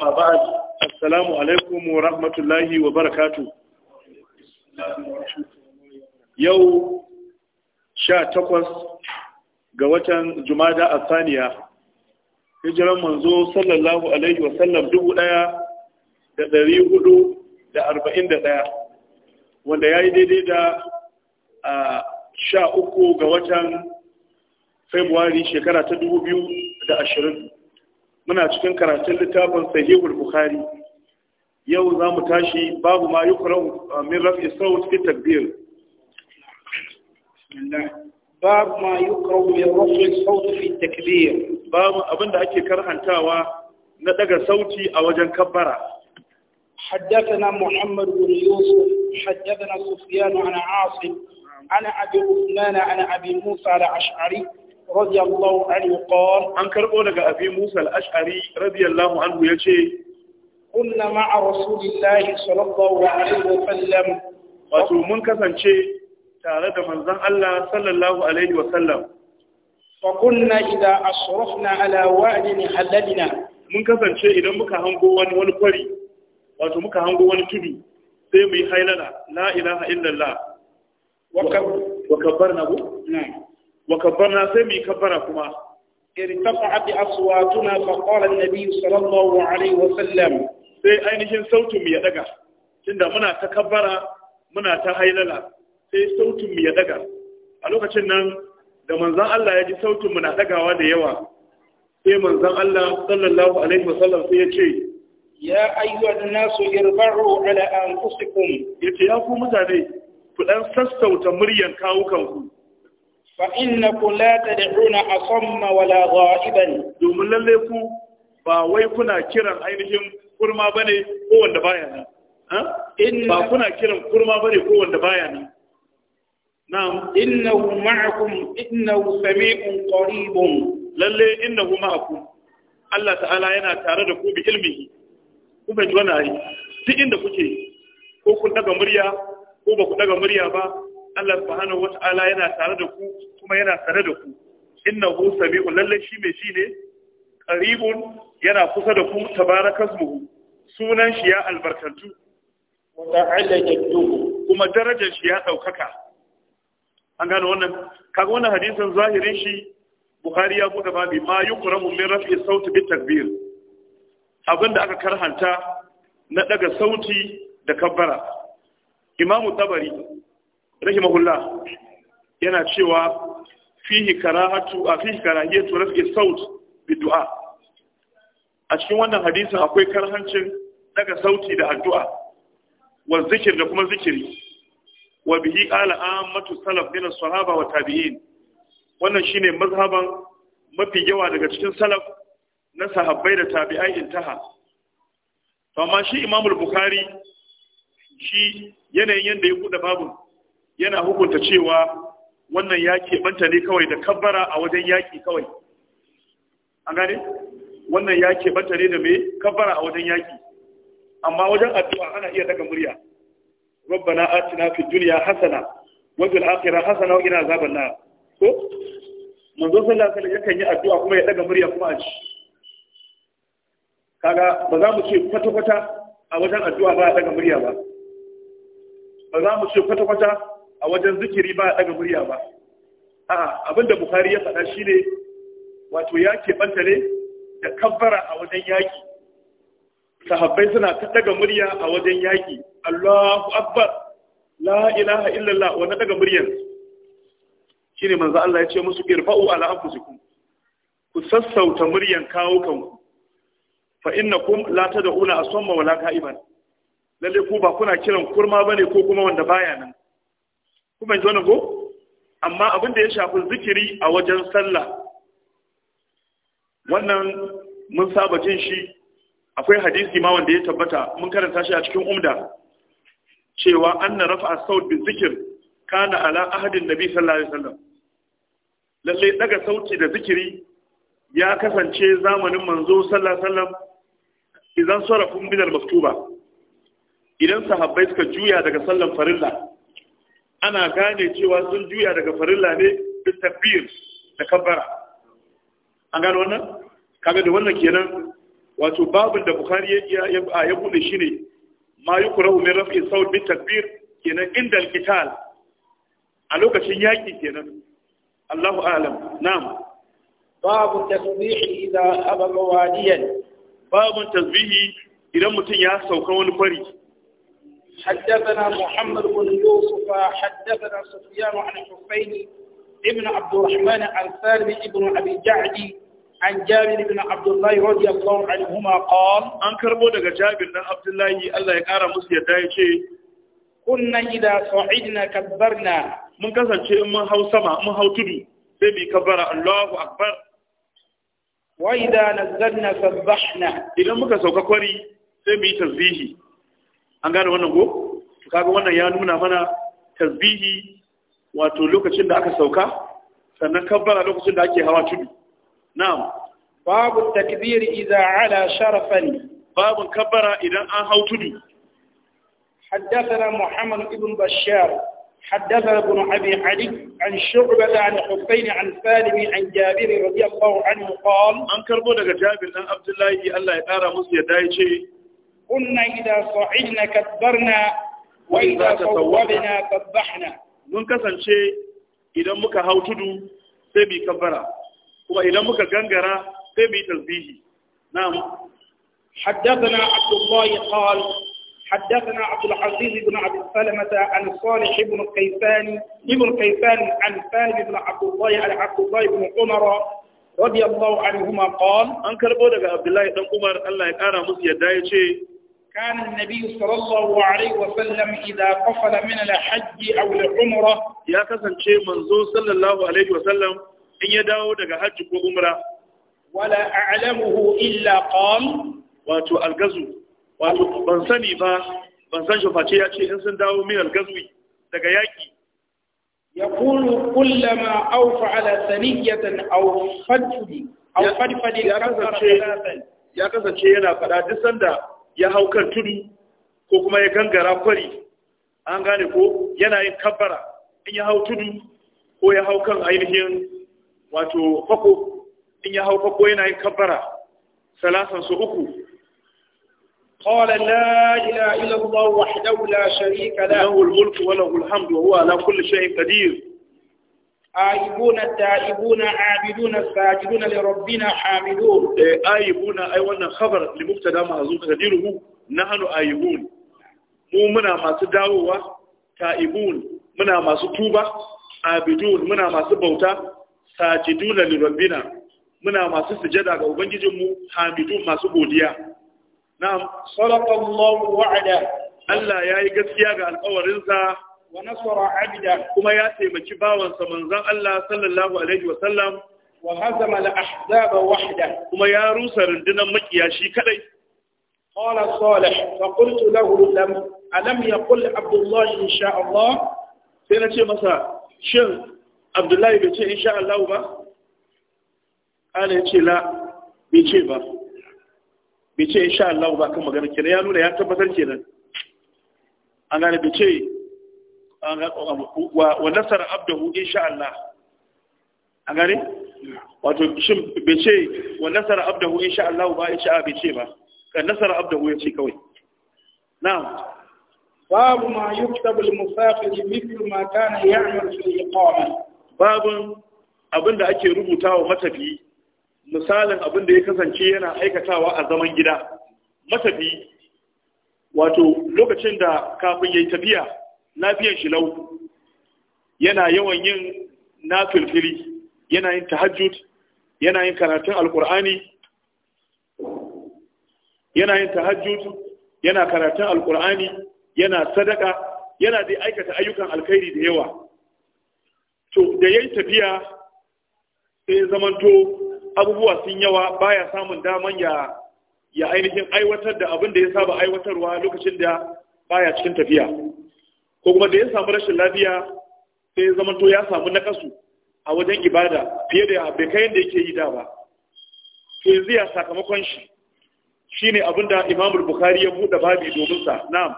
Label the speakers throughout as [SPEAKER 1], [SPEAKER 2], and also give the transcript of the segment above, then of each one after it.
[SPEAKER 1] amma assalamu alaikum wa rahmatullahi wa barakatu yau sha takwas ga watan jumada a saniya hijiran manzo sallallahu alaihi wa sallam dubu daya da dari hudu da arba'in da daya wanda ya yi daidai da sha uku ga watan februari shekara ta dubu biyu da ashirin muna cikin karatun littafin sahihul bukhari yau zamu tashi babu ma yukrahu ah, min rafi sawt fi takbir باب ما يكره من رفع الصوت في التكبير باب ابن ده اكي كره انت وا ندغ صوتي ا وجن كبرا حدثنا محمد بن يوسف حدثنا سفيان عن عاصم عن ابي عثمان عن ابي موسى الاشعري radiyallahu anhu qala an karbo daga abi Musa al-Ash'ari radiyallahu anhu yace kunna ma'a rasulillahi sallallahu alaihi wa sallam wato mun kasance tare da manzon Allah sallallahu alaihi wa sallam fa kunna idza asrafna ala halalina mun kasance idan muka hango wani kwari wato muka hango wani tudu sai mu yi la ilaha illallah wa kabbarna bu na'am wa kabbarna sai mu kabbara kuma irtafa'at aswatuna fa qala an-nabi sallallahu alaihi wa sallam sai ainihin sautin mu ya daga tunda muna ta kabbara muna ta hailala sai sautin mu ya daga a lokacin nan da manzon Allah ya ji sautin mu na dagawa da yawa sai manzon Allah sallallahu alaihi wa sallam sai ya ce ya ayyuhan nasu irba'u ala anfusikum yace ya ku mutane ku dan sassauta muryan ku. fa da la a asamma wala ghaiban domin lalle ku ba wai kuna kiran ainihin kurma ba ne wanda baya nan ba kuna kiran kurma bane ko wanda baya nan na'am innahu ma'akum innahu sami'un qaribun lalle innahu ma'akum Allah ta'ala yana tare da ku bi ilmihi ku bai ji wani ayi duk inda kuke ko kun daga murya ko ba ku daga murya ba Allah subhanahu wata'ala yana tare da ku kuma yana sane da ku hu sami'u lalle shi mai shi ne qaribun yana kusa da ku mu. sunan shi ya albarkantu wa ta'ala kuma darajar shi ya daukaka an gano wannan kaga wannan hadisin zahirin shi bukhari ya buɗe babi ma yukramu min raf'i sauti bi takbir abinda aka karhanta na daga sauti da kabbara imamu tabari rahimahullah yana cewa fihi karahatu a fihi karahiyatu rafi saut bi a cikin wannan hadisin akwai karhancin daga sauti da addu'a wa zikir da kuma zikiri wa bihi qala ammatu salaf min as-sahaba wa tabi'in wannan shine mazhaban mafi yawa daga cikin salaf na sahabbai da tabi'ai intaha to amma shi imamu bukhari shi yanayin yanda ya buɗe babu yana hukunta cewa wannan ya keɓanta ne kawai da kabbara a wajen yaƙi kawai an gane wannan ya keɓanta ne da mai kabbara a wajen yaƙi amma wajen addu'a ana iya daga murya rabbana atina fid dunya hasana wa fil akhirati hasana wa qina azaban nar ko manzo sallallahu alaihi wasallam yakan yi addu'a kuma ya daga murya kuma a ci kaga ba za mu ce kwata-kwata a wajen addu'a ba a daga murya ba ba za mu ce kwata-kwata a wajen zikiri ba daga murya ba a'a abinda bukari ya faɗa shi ne. wato ya keɓanta ne da kabbara a wajen yaƙi sahabbai suna ta daga murya a wajen yaƙi Allahu akbar la ilaha illallah wannan daga muryar ne manzo Allah ya ce musu irfa'u ala anfusikum ku sassauta muryan kawo kanku fa innakum la tad'una asamma wala ka'iban lalle ku ba kuna kiran kurma bane ko kuma wanda baya nan kuma yanzu wani ko amma abin da ya shafi zikiri a wajen sallah wannan mun saba jin shi akwai hadisi ma wanda ya tabbata mun karanta shi a cikin umda cewa anna rafa saut bi zikir kana ala ahadin nabi sallallahu alaihi wasallam lalle daga sauti da zikiri ya kasance zamanin manzo sallallahu alaihi wasallam idan sarafun bidal maktuba idan sahabbai suka juya daga sallan farilla ana gane cewa sun juya daga farilla ne da tafiyar da kabbara an gane wannan kaga da wannan kenan wato babin da bukhari ya ya bude ne ma yukrahu min raf'i sawt bi takbir kenan inda al a lokacin yaki kenan Allahu a'lam na'am babu tasbihi idan ababa wadiyan babu tasbihi idan mutum ya sauka wani fari حدثنا محمد بن يوسف حدثنا سفيان عن الحفين ابن عبد الرحمن عن سالم ابن أبي جعدي عن جابر بن عبد الله رضي الله عنهما قال أن كربو دقى جابر بن عبد الله الله يقارى مسيا دايشي كنا إذا صعدنا كبرنا من كسر شيء من هو سما من هو تدو سيبي كبر الله أكبر وإذا نزلنا سبحنا إذا مكسر كوري سيبي تسبيحي an gane wannan ko kaga wannan ya nuna mana tasbihi wato lokacin da aka sauka sannan kabbara lokacin da ake hawa tudu na'am babu takbir idza ala sharafan babu kabbara idan an hau tudu حدثنا muhammad ibn bashar حدثنا ابن أبي علي عن شعبة عن حسين عن سالم عن جابر رضي الله عنه قال أنكر بودك جابر عن عبد الله الله يقارى مسيا دايشي كنا إذا صعدنا كبرنا
[SPEAKER 2] وإذا تصوبنا
[SPEAKER 1] سبحنا من kasance شيء إذا مك tudu sai bi kabbara kuma idan muka gangara sai bi حدثنا عبد الله قال حدثنا عبد العزيز بن عبد السلمة عن صالح بن كيسان بن كيسان عن سالم بن عبد الله عن عبد الله بن عمر رضي الله عنهما قال أنكر بودك عبد الله بن عمر الله يقرأ مسيا دايشي كان النبي صلى الله عليه وسلم إذا قفل من الحج أو العمرة يا كسن شيء منزو صلى الله عليه وسلم إن يداو دقى حج وعمرة ولا أعلمه إلا قال واتو الغزو واتو بنسني با بنسان شفاتي يأتي إنسان داو من الغزو دقى ياكي يقول كلما أوفى على ثنية أو فدفد أو فدفد يا كسن شيء يا كسن شيء أنا فلا تسند ya hau kan tudu ko kuma ya gangara kwari an gane ko yana yin kabbara in ya hau tudu ko ya hau kan ainihin wato fako in ya hau fako yana yin kabbara salasan su uku قال لا إله إلا الله وحده لا شريك له له الملك وله الحمد وهو على كل شيء قدير آيبون التائبون عابدون a'ibuna لربنا حامدون eh, آيبون أي وانا خبر لمبتدا مهزوم تقديره نحن a'ibun. mu muna masu dawowa ta'ibun muna masu tuba abidun muna masu bauta li rabbina muna masu sujada ga mu hamidun masu godiya na sallallahu wa'ada Allah yayi gaskiya ga alƙawarin sa. wa nasara abida kuma ya taimaki bawansa manzon Allah sallallahu wa sallam wa wahda kuma ya rusa rundunar makiya shi kadai qala salih fa qultu lahu lam alam yaqul abdullah insha Allah sai na ce masa shin abdullahi bai ce insha Allah ba ala ce la bai ce ba bai ce insha Allah ba kan magana kenan ya nuna ya tabbatar kenan gane bai ce wa nasara abdahu insha Allah a gane wato shin bai ce wa nasara abdahu insha Allah ba insha Allah bai ce ba kan nasara abdahu ya ce kawai na'am babu ma yuktabu al-musafir mithlu ma kana ya'mal fi iqama babun abinda ake rubutawa matafi misalin abinda ya kasance yana aikatawa a zaman gida matafi wato lokacin da kafin yayi tafiya lafiyar shi lau yana yawan yin nafilfili yana yin tahajjud yana yin karatun alkur'ani yana yin tahajjud yana karatun alkur'ani yana sadaka yana da aikata ayyukan alkhairi da yawa to da yayi tafiya sai zamanto abubuwa sun yawa baya samun daman ya ya ainihin aiwatar da abin da ya saba aiwatarwa lokacin da baya cikin tafiya ko kuma da ya samu rashin lafiya sai ya to ya samu nakasu a wajen ibada fiye da bai kai yadda yake yi da ba to yanzu ya sakamakon shi shine abin da Imamul Bukhari ya buɗe babi domin sa na'am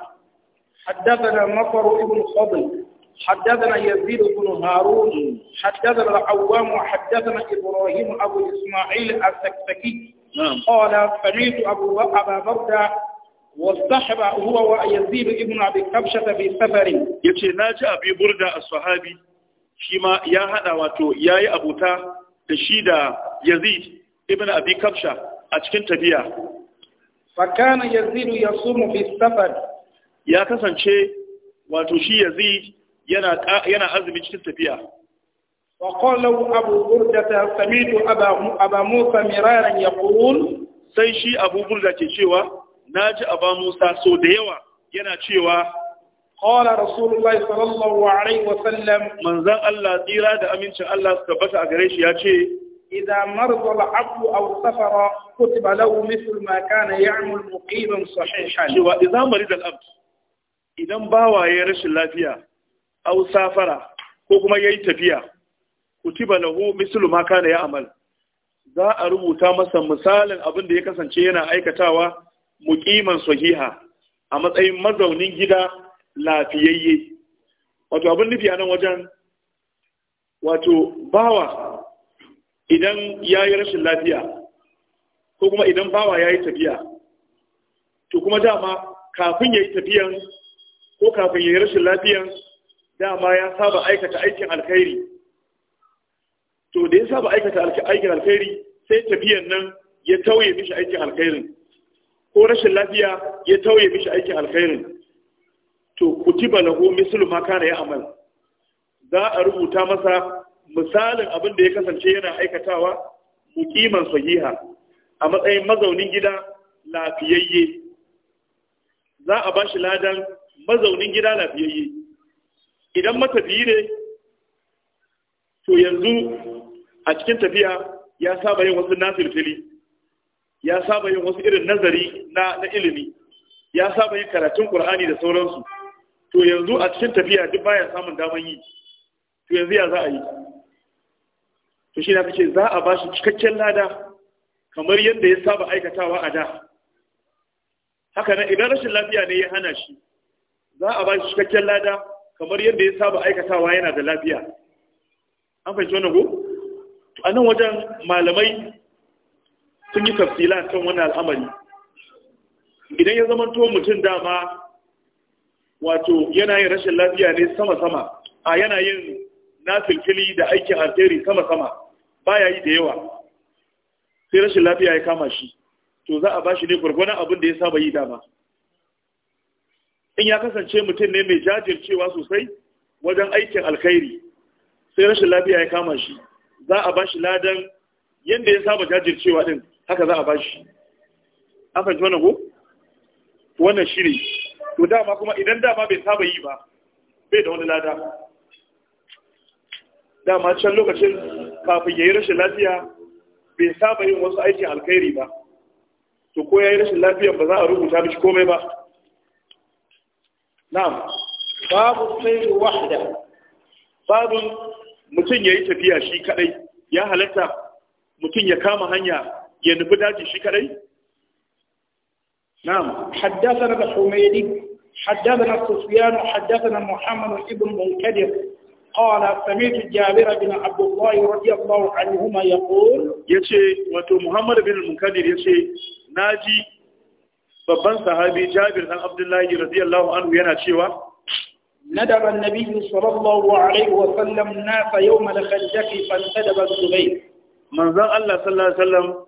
[SPEAKER 1] na Mafar ibn Fadl حدثنا يزيد بن هارون حدثنا العوام وحدثنا ابراهيم ابو اسماعيل السكسكي نعم. قال سمعت ابو ابا برده wasahaba huwa wa yazid ibn abi kabshata bi safarin yace naji abi burda as-sahabi shima ya hada wato yayi abuta da shi da yazid ibn abi kabsha a cikin tabiya fa kana yazid yasum fi safar ya kasance wato shi yazid yana yana azumi cikin tabiya wa qala abu burda sami'tu aba aba musa miraran yaqul sai shi abu burda ke cewa na ji aba musa so da yawa yana cewa qala rasulullahi sallallahu alaihi wa sallam manzon Allah tsira da amincin Allah suka bata a gare shi ya ce idza marda al-abdu aw safara kutiba lahu mithlu ma kana ya'mal muqiman sahihan cewa idza marida al-abd idan bawa ya rashin lafiya aw safara ko kuma yayi tafiya kutiba lahu mithlu ma kana ya'mal za a rubuta masa misalin abin da ya kasance yana aikatawa muqiman sahiha a matsayin mazaunin gida lafiyayye wato abin nufi a nan wajen wato bawa idan ya yi rashin lafiya ko kuma idan bawa ya yi tafiya to kuma dama kafin ya yi tafiyan ko kafin ya yi rashin lafiyan dama ya saba aikata aikin alkhairi to da ya saba aikata aikin alkhairi sai tafiyan nan ya tauye mishi aikin alkhairin ko rashin lafiya ya tauye mishi aikin alkhairin to kutiba lahu mislu ma kana ya'mal za a rubuta masa misalin abin da ya kasance yana aikatawa muqiman sahiha a matsayin mazaunin gida lafiyayye za a bashi ladan mazaunin gida lafiyayye idan matafiyi ne to yanzu a cikin tafiya ya saba yin wasu nasirtili ya saba yin wasu irin nazari na na ilimi ya saba yin karatun Qur'ani da sauransu to yanzu a cikin tafiya duk baya samun daman yi to yanzu ya za a yi to shi na kace za a ba shi cikakken lada kamar yadda ya saba aikatawa a da haka nan idan rashin lafiya ne ya hana shi za a ba shi cikakken lada kamar yadda ya saba aikatawa yana da lafiya an fahimci wannan ko a nan wajen malamai sun yi tafsila kan wani al'amari idan ya zama to mutum dama wato yana yin rashin lafiya ne sama-sama a yana yin nafilfili da aikin alheri sama-sama baya yi da yawa sai rashin lafiya ya kama shi to za a bashi ne gwargwana abin da ya saba yi dama in ya kasance mutum ne mai jajircewa sosai wajen aikin alkhairi sai rashin lafiya ya kama shi za a bashi ladan yadda ya saba jajircewa din haka za a ba shi. an fahimci wannan ko wannan shiri to dama kuma idan dama bai saba yi ba bai da wani lada dama can lokacin kafin ya yi rashin lafiya bai saba yin wasu aikin alkhairi ba to ko ya yi rashin lafiya ba za a rubuta mishi komai ba na'am babu sai wahda Babu mutum ya yi tafiya shi kadai ya halatta mutum ya kama hanya ya nufi daji shi kadai na'am haddathana da humaydi haddathana haddasa na muhammad ibn munkadir قال سمعت جابر بن عبد الله رضي الله عنهما يقول يشي وتو محمد بن المنكدر يشي babban sahabi Jabir dan Abdullahi radiyallahu anhu yana cewa ندب النبي صلى الله عليه وسلم ناس يوم الخندق فانتدب الزبير من ذا الله صلى الله عليه وسلم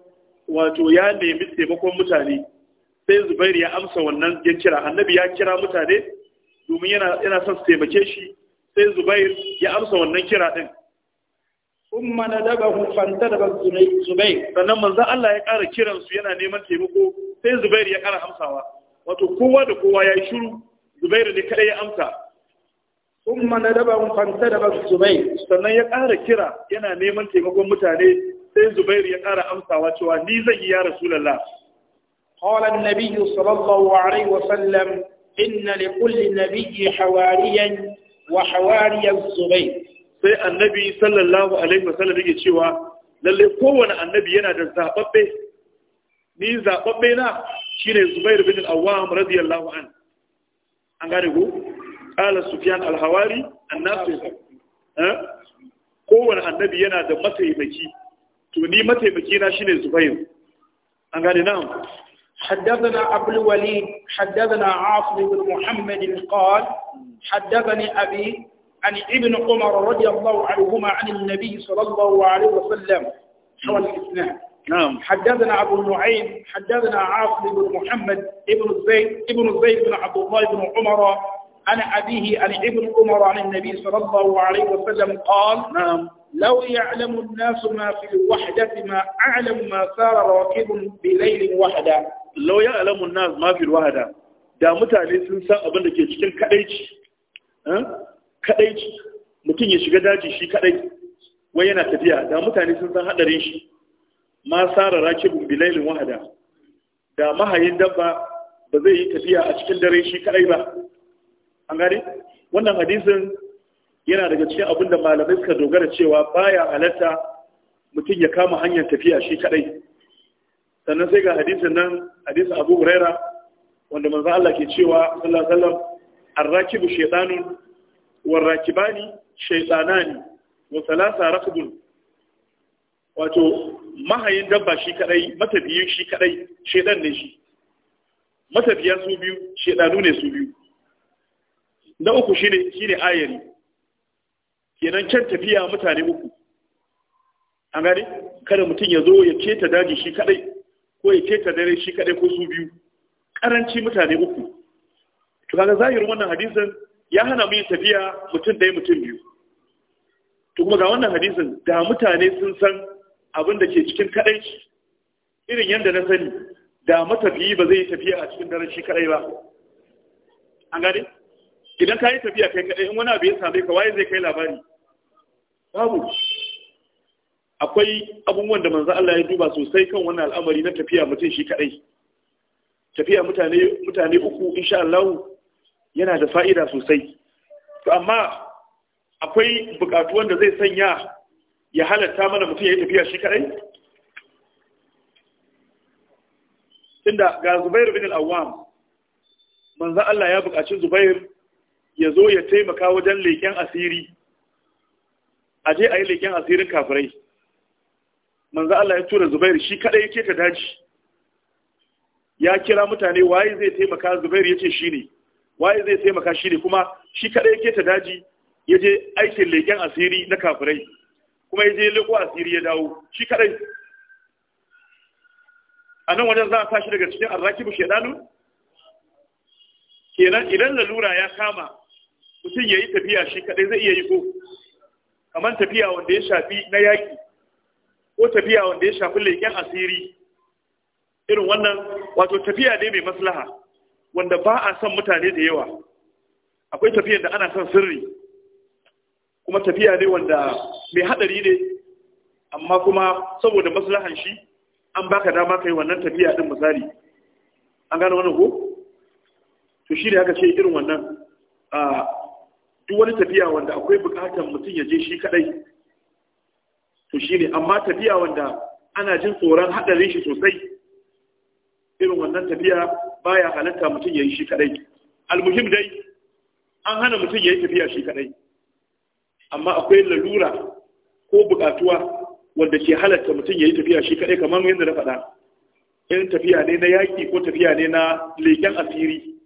[SPEAKER 1] wato ya nemi taimakon mutane sai zubair ya amsa wannan ya kira annabi ya kira mutane domin yana yana son su taimake shi sai zubair ya amsa wannan kira din umma nadabahu fantadaba zubair sannan manzan Allah ya ƙara kiran su yana neman taimako sai zubair ya ƙara amsawa wato kowa da kowa ya yi shiru zubair ne kada ya amsa umma nadabahu fantadaba zubair sannan ya ƙara kira yana neman taimakon mutane sai Zubair ya ƙara amsawa cewa ni zan yi ya Rasulullah qala an-nabiy sallallahu alaihi wa sallam inna li kulli nabiyyi hawariyan wa hawariyan Zubair sai annabi sallallahu alaihi wa sallam yake cewa lalle kowane annabi yana da zababbe ni zababbe na shine Zubair bin al-Awwam radiyallahu an. an gane ku? qala Sufyan al-Hawari an-Nafi eh? kowane annabi yana da mataimaki to ni mataimaki na shine Zubair an gane nan حدثنا أبو الوليد حدثنا عاصم بن محمد قال حدثني أبي عن ابن عمر رضي الله عنهما عن النبي صلى الله عليه وسلم حول نعم. الإسلام نعم حدثنا أبو النعيم حدثنا عاصم بن محمد ابن زيد ابن زيد بن عبد الله بن عمر عن أبيه عن ابن عمر عن النبي صلى الله عليه وسلم قال نعم لو يعلم الناس ما في الوحدة ما أعلم ما صار راكب بليل وحدة لو يعلم الناس ما في الوحدة da mutane sun san abin da ke cikin kadaici kadaici mutum ya shiga daji shi kadai wai yana tafiya da mutane sun san hadarin shi ma sara bin bilailin wahada da mahayin dabba ba zai yi tafiya a cikin dare shi kadai ba an gane wannan hadisin yana daga cikin abin da malamai suka dogara cewa baya halatta mutum ya kama hanyar tafiya shi kadai sannan sai ga hadisin nan hadisin Abu Huraira wanda manzo Allah ke cewa sallallahu alaihi wasallam rakibu shaytanun war-rakibani shaytanani wa thalatha raqbun wato mahayin dabba shi kadai matafiyin shi kadai shaytan ne shi matafiya su biyu shaydanu ne su biyu na uku shine shine ayari kenan can tafiya mutane uku an gani kada mutum ya zo ya keta daji shi kadai ko ya keta dare shi kadai ko su biyu karanci mutane uku to kaga zahirin wannan hadisin ya hana mu yin tafiya mutum ɗaya mutum biyu to kuma ga wannan hadisin da mutane sun san abin da ke cikin shi irin yadda na sani da matafiyi ba zai tafiya a cikin daren shi kadai ba an gani idan ka yi tafiya kai kaɗai in wani abu ya same ka waye zai kai labari babu akwai abubuwan da manzo Allah ya duba sosai kan wannan al'amari na tafiya mutum shi kaɗai tafiya mutane mutane uku insha Allah yana da fa'ida sosai to amma akwai bukatu wanda zai sanya ya halatta mana mutum ya yi tafiya shi kaɗai tunda ga Zubair bin al-Awwam manzo Allah ya bukaci Zubair ya zo ya taimaka wajen leƙen asiri a je a yi leƙen asirin kafirai manzo Allah ya tura Zubair shi kadai yake ta daji ya kira mutane waye zai taimaka Zubair yace shi ne waye zai taimaka shi ne kuma shi kadai yake ta daji yaje aikin leƙen asiri na kafirai kuma yaje leƙo asiri ya dawo shi kadai a nan wajen za a sa shi daga cikin arrakibu shedanu kenan idan lalura ya kama mutum ya yi tafiya shi kaɗai zai iya yi ko kamar tafiya wanda ya shafi na yaƙi ko tafiya wanda ya shafi leƙen asiri irin wannan wato tafiya ne mai maslaha wanda ba a son mutane da yawa akwai tafiyar da ana son sirri kuma tafiya ne wanda mai haɗari ne amma kuma saboda maslahan shi an baka dama kai wannan tafiya din misali an gane wannan ko to shi ne haka ce irin wannan ah, duk wani tafiya wanda akwai bukatar mutum ya je shi kadai to shi ne amma tafiya wanda ana jin tsoron haɗarin shi sosai irin wannan tafiya baya halatta mutum ya yi shi kadai almuhim dai an hana mutum ya yi tafiya shi kadai amma akwai lalura ko bukatuwa wanda ke halatta mutum ya yi tafiya shi kadai kamar yadda na faɗa in tafiya ne na yaƙi ko tafiya ne na leƙen asiri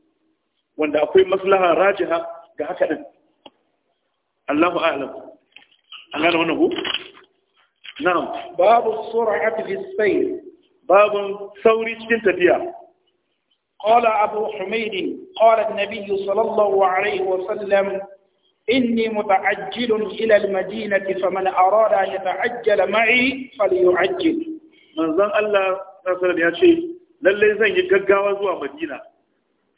[SPEAKER 1] wanda akwai maslaha rajiha ga haka ɗin الله أعلم أنا هنا هو نعم باب السرعة في السير باب سورة تنتبيا قال أبو حميد قال النبي صلى الله عليه وسلم إني متعجل إلى المدينة فمن أراد أن يتعجل معي فليعجل من ظن الله رسول الله شيء للي زين يقعوا زوا مدينة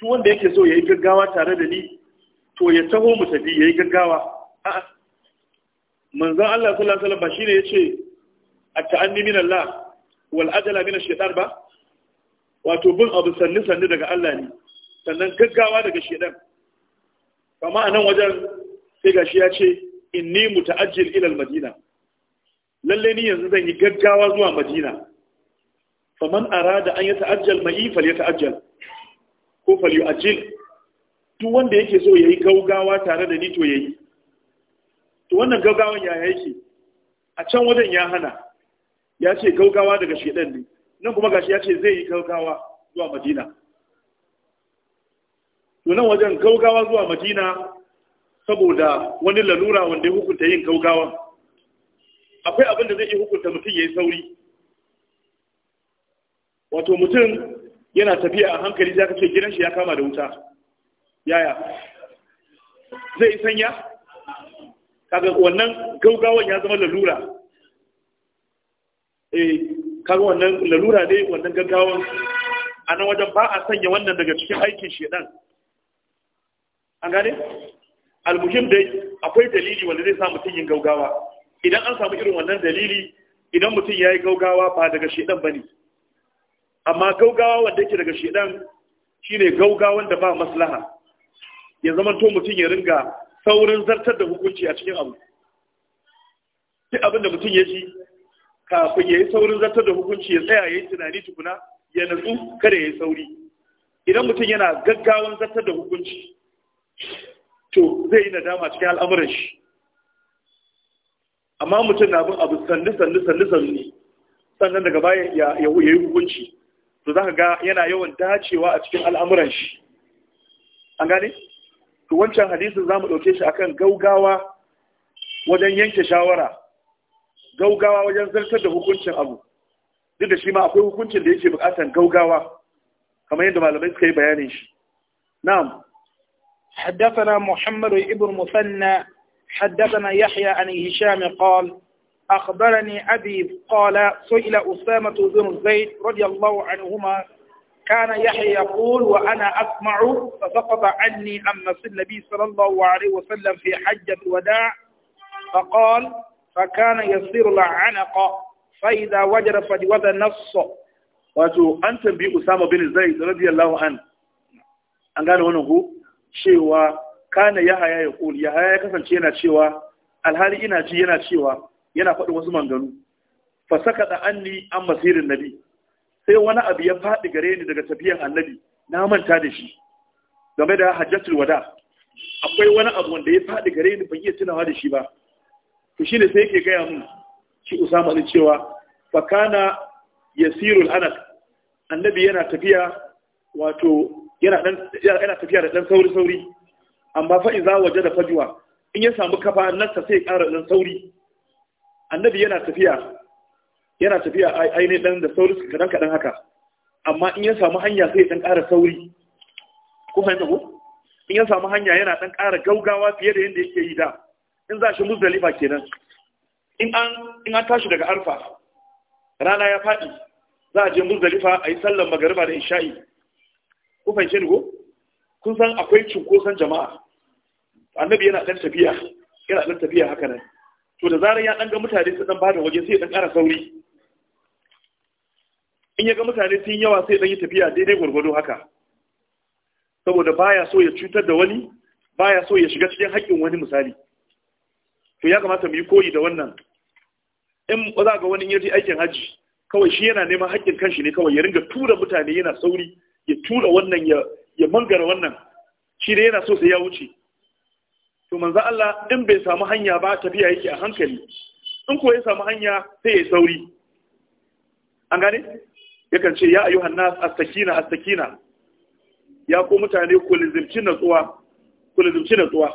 [SPEAKER 1] تون ديك سو يقعوا تاردني تو يتهو متدي يقعوا manzon Allah sallallahu alaihi wasallam ba shine yace at-ta'anni min Allah wal ajala min ash-shaytan ba wato bin abu sanni sanni daga Allah ne sannan gaggawa daga shedan kama a nan wajen sai gashi ya ce inni muta'ajjil ila al-madina lalle ni yanzu zan yi gaggawa zuwa madina faman arada an yata'ajjal mai yata'ajjal ko yu'ajjil duk wanda yake so yayi gaugawa tare da ni to yayi to wannan gaugawan ya yake a can wajen ya hana ya ce gaugawa daga shedan ne nan kuma gashi ya ce zai yi gaugawa zuwa madina to nan wajen gaugawa zuwa madina saboda wani lalura wanda ya hukunta yin gaugawan akwai abin da zai yi hukunta mutum ya yi sauri wato mutum yana tafiya a hankali za ka ce gidan shi ya kama da wuta yaya zai yi sanya kaga wannan gaugawan ya zama lalura eh kaga wannan lalura ne wannan gaggawan a nan wajen ba a sanya wannan daga cikin aikin shedan an gane almuhim dai akwai dalili wanda zai sa mutum yin gaugawa idan an samu irin wannan dalili idan mutum ya yi gaugawa ba daga shedan ba ne amma gaugawa wanda yake daga shedan shine gaugawan da ba maslaha ya zama to mutum ya ringa saurin zartar da hukunci a cikin abu duk abin da mutum ya ji kafin ya yi saurin zartar da hukunci ya tsaya ya yi tunani tukuna ya natsu kada ya yi sauri idan mutum yana gaggawan zartar da hukunci to zai yi nadama cikin al'amuran shi amma mutum na bin abu sannu sannu sannu sannu sannan daga baya ya yi hukunci to za ka ga yana yawan dacewa a cikin al'amuran shi an gane to wancan hadisin zamu dauke shi akan gaugawa wajen yanke shawara gaugawa wajen zartar da hukuncin abu duk da shi ma akwai hukuncin da yake bukatar gaugawa kamar yadda malamai suka yi bayanin shi na'am حدثنا محمد بن مثنى حدثنا يحيى عن هشام قال أخبرني أبي قال سئل أسامة بن زيد رضي الله عنهما كان يحيى يقول وأنا أسمع فسقط عني أما في النبي صلى الله عليه وسلم في حجة الوداع فقال فكان يصير العنق فإذا وجد فجوذ نص واتو أنت بي بن زيد رضي الله عنه أن قالوا هنا شيوا كان يحيى يقول يحيى كسن شينا شيوا الهالي إنا جينا شيوا ينا فقد وزمان قالوا فسكت عني أما سير النبي sai wani abu ya faɗi gare ni daga tafiyan annabi na manta da shi game da hajjatul wada akwai wani abu wanda ya faɗi gare ni ban iya tunawa da shi ba to shine sai yake gaya mun shi usama ne cewa fa kana yasirul anas annabi yana tafiya wato yana dan yana tafiya da dan sauri sauri amma fa iza wajada fajwa in ya samu kafa annasa sai ya ƙara dan sauri annabi yana tafiya yana tafiya ainihin ɗan da sauri kaɗan kaɗan haka amma in ya samu hanya sai ɗan ƙara sauri ko fahimta ko in ya samu hanya yana ɗan ƙara gaugawa fiye da yadda yake yi da in za shi muzdalifa kenan in an in an tashi daga arfa rana ya faɗi za a je muzdalifa a yi sallan magariba da isha'i ko fahimce ni ko kun san akwai cunkoson jama'a annabi yana ɗan tafiya yana ɗan tafiya haka nan to da zarar ya ɗan ga mutane su ɗan bada waje sai ya ɗan ƙara sauri in ya ga mutane sun yawa sai dan yi tafiya daidai gwargwado haka saboda baya so ya cutar da wani baya so ya shiga cikin haƙƙin wani misali to ya kamata mu yi koyi da wannan in za ga wani yaji aikin haji kawai shi yana neman haƙƙin kanshi ne kawai ya ringa tura mutane yana sauri ya tura wannan ya ya mangara wannan shi da yana so sai ya wuce to manzo Allah in bai samu hanya ba tafiya yake a hankali in ko ya samu hanya sai ya sauri an gane yakan ce ya ayyuhan nas astakina astakina ya ko mutane ku lizimci natsuwa ku lizimci natsuwa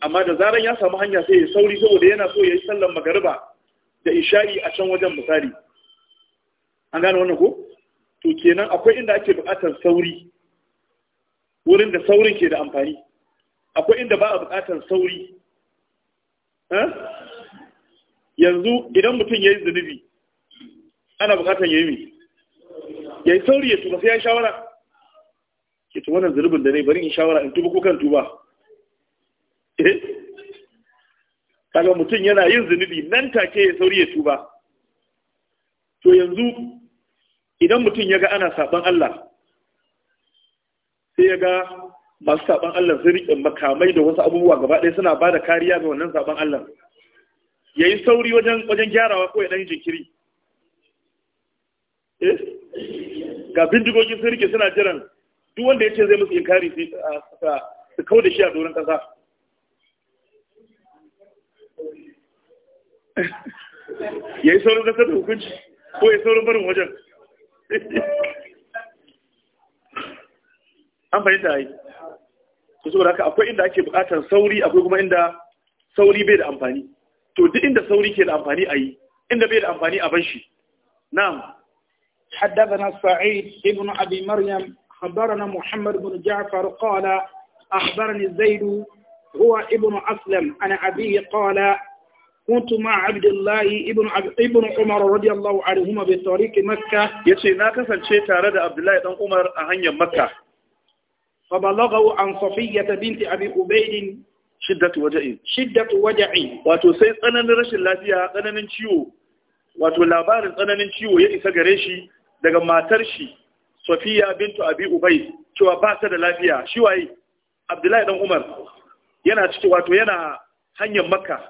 [SPEAKER 1] amma da zaran ya samu hanya sai ya sauri saboda yana so ya yi sallar magariba da isha'i a can wajen misali an gane wannan ko to kenan akwai inda ake buƙatar sauri wurin da saurin ke da amfani akwai inda ba a buƙatar sauri eh? yanzu idan mutum ya yi zunubi ana buƙatar ya yi ya yi sauri ya tuba sai ya yi shawara ke tuba wannan zunubin da ne bari in shawara in tuba ko kan tuba eh kaga mutum yana yin zunubi nan take ya sauri ya tuba to yanzu idan mutum ya ga ana saban Allah sai ya ga masu saban Allah sun riƙe makamai da wasu abubuwa gaba ɗaya suna ba da kariya ga wannan saban Allah ya yi sauri wajen gyarawa ko ya ɗan jinkiri eh ga bindigogin sun suna jiran duk wanda ya ce zai musu inkari su kawo da shi a doron ƙasa ya yi saurin kasar da hukunci ko ya saurin barin wajen an fahimta yi su saboda haka akwai inda ake buƙatar sauri akwai kuma inda sauri bai da amfani to duk inda sauri ke da amfani a yi inda bai da amfani a ban shi na'am حدثنا سعيد ابن أبي مريم خبرنا محمد بن جعفر قال أخبرني زيد هو ابن أسلم أنا أبيه قال كنت مع عبد الله ابن ابن عمر رضي الله عنهما بطريق مكة يتي نا كسانشي تاره da Abdullahi dan Umar a hanyar Makka فبلغه عن صفية بنت أبي أبيد شدة وجعي شدة وجعي wato sai tsananin rashin فيها tsananin ciwo wato labarin tsananin ciwo ya isa gare daga matar shi Safiya bintu Abi Ubay cewa ba ta da lafiya shi waye Abdullahi dan Umar yana ciki wato yana hanyar Makka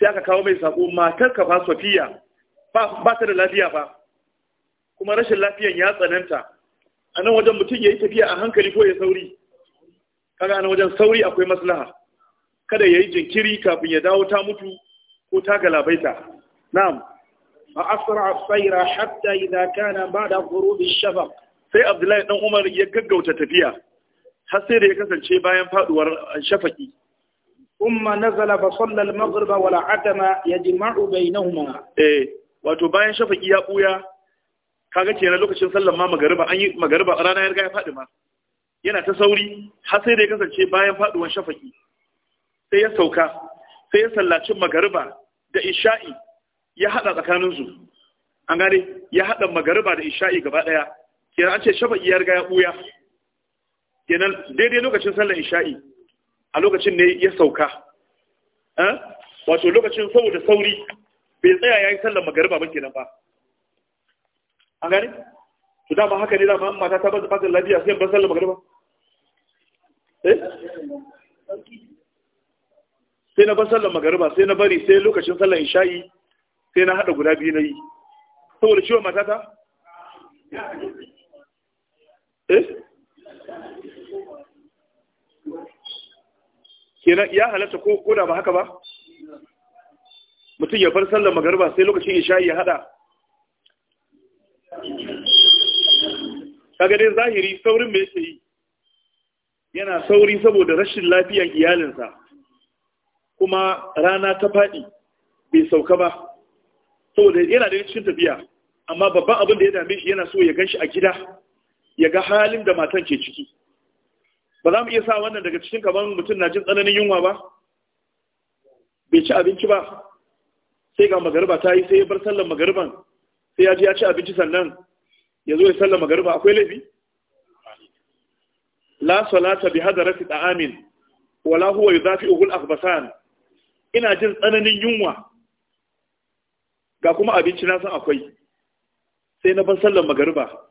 [SPEAKER 1] sai aka kawo mai sako matar ka fa Safiya ba ta da lafiya ba kuma rashin lafiyan ya tsananta a nan wajen mutum ya yi tafiya a hankali ko ya sauri kaga wajen sauri akwai maslaha kada ya yi jinkiri kafin ya dawo ta mutu ko ta galabaita na'am فأسرع السير حتى إذا كان بعد غروب الشفق sai Abdullahi dan Umar ya gaggauta tafiya har sai da ya kasance bayan faduwar shafaki umma nazala fa salla al-maghrib wal atama yajma'u bainahuma eh wato bayan shafaki ya buya kaga kenan lokacin sallar ma magariba an yi magariba rana ya riga ya fadi ma yana ta sauri har sai da ya kasance bayan faduwar shafaki sai ya sauka sai ya sallaci magariba da isha'i ya hada tsakaninsu an gane ya hada magariba da isha'i gaba daya kenan an ce shafa'i iyar gaya ɓuya. kenan daidai lokacin sallar isha'i a lokacin ne ya sauka eh? wato lokacin saboda sauri bai tsaya ya yi sallar magariba ba kenan ba an gane to dama haka ne dama mata ta bazu fatan lafiya sai ban sallar magariba eh sai na ban sallar magariba sai na bari sai lokacin sallar isha'i sai na haɗa guda biyu na yi saboda ciwon matata eh ya halatta ko koda ba haka ba mutum ya bar sallar magariba sai lokacin ya isha'i ya hada kaga dai zahiri saurin mai yake yana sauri saboda rashin lafiyar iyalinsa kuma rana ta faɗi bai sauka ba saboda yana da cikin tafiya amma babban abin da ya dame shi yana so ya gan shi a gida ya ga halin da matan ke ciki ba za mu iya sa wannan daga cikin kamar mutum na jin tsananin yunwa ba bai ci abinci ba sai ga magariba ta yi sai ya bar sallar magariban sai ya ji ya ci abinci sannan ya zo ya sallar magariba akwai laifi la salata bi hadarati ta'amin wala huwa yudafi'uhu al-akhbasan ina jin tsananin yunwa ga kuma abinci na san akwai sai na ban sallar magariba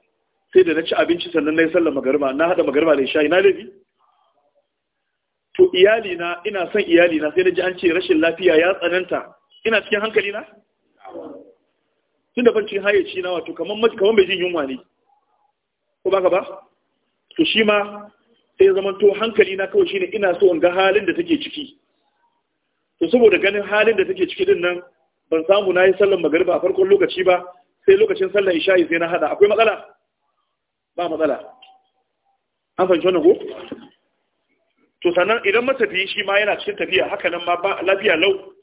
[SPEAKER 1] sai da na ci abinci sannan na yi sallar magariba na haɗa magariba da shayi na laifi to iyali na ina son iyali na sai na ji an ce rashin lafiya ya tsananta ina cikin hankali na tunda ban cikin hayyaci na wato kaman kamar bai jin yunwa ne ko baka ba to shi ma sai zama to hankali na kawai shine ina so in ga halin da take ciki to saboda ganin halin da take ciki din nan ban samu na yi sallan magariba a farkon lokaci ba sai lokacin sallan isha'i sai na hada akwai matsala ba matsala an fahimci wannan ko to sannan idan matafi shi ma yana cikin tafiya haka nan ma ba lafiya lau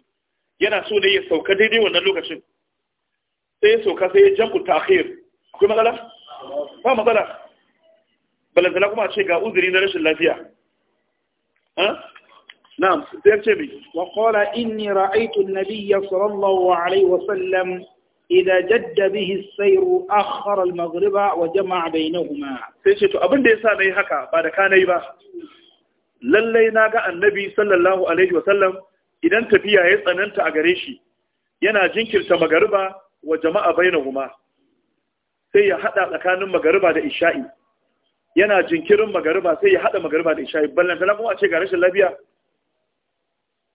[SPEAKER 1] yana so ne ya sauka daidai wannan lokacin sai ya sauka sai ya jam'u akhir akwai matsala ba matsala balantana kuma a ce ga uzuri na rashin lafiya na'am sai ce bi wa qala inni ra'aytu an-nabiyya sallallahu alaihi wa sallam idza jadda bihi as-sayr akhara al-maghriba wa jama'a bainahuma sai ce to abin da yasa nayi haka ba da kanai ba lallai ga annabi sallallahu alaihi wa sallam idan tafiya ya tsananta a gare shi yana jinkirta magariba wa jama'a bainahuma sai ya hada tsakanin magariba da isha'i yana jinkirin magariba sai ya magariba da isha'i ballan lafiya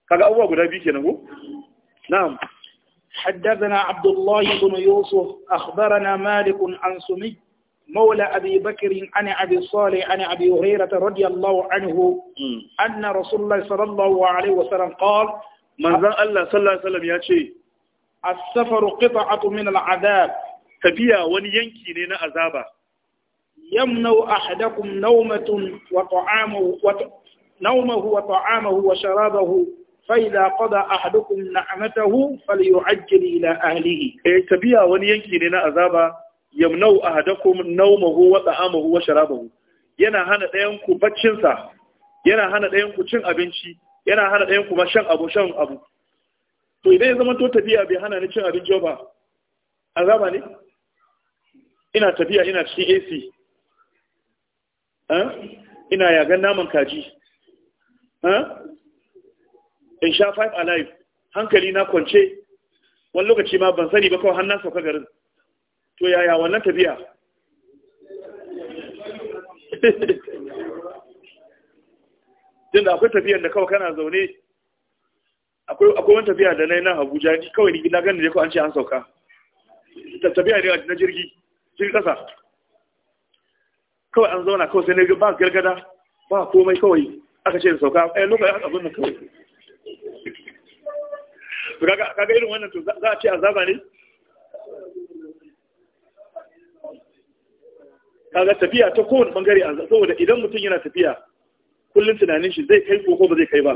[SPEAKER 1] kaga abubuwa guda biyu kenan ko na'am حدثنا عبد الله بن يوسف أخبرنا مالك عن سمي مولى أبي بكر عن أبي صالح عن أبي هريرة رضي الله عنه أن رسول الله صلى الله عليه وسلم قال من ذا الله صلى الله عليه وسلم يا شيء السفر قطعة من العذاب تبيا ونينكي لنا عذابا يمنع أحدكم نومة وطعامه وط... نومه وطعامه وشرابه a na فإذا قضى أحدكم نعمته فليعجل إلى أهله إيه تبيا ونينكي لنا أذابا يمنو أحدكم نومه وطعامه وشرابه yana hana ɗayan ku baccinsa yana hana ɗayan ku cin abinci yana hana ɗayanku ma shan abu shan abu to idan ya zama to tafiya bai hana ni cin abinci ba azaba ne ina tafiya ina cikin AC eh? ina yagan naman kaji eh? in sha five alive hankali na kwance wani lokaci ma ban sani ba kawai hannun sauka garin to yaya wannan tafiya jin da akwai tafiyar da kawai kana zaune akwai wani tafiya da na yi nan abuja kawai ni gina gani da kawai an ce an sauka tafiya ne na jirgi jirgi kasa kawai an zauna kawai sai ne ba gargada ba komai kawai aka ce da sauka yi eh, lokacin abin da kawai to kaga irin wannan to za a ce azaba ne kaga tafiya ta kowane bangare a saboda idan mutum yana tafiya kullum tunanin shi zai kai ko ba zai kai ba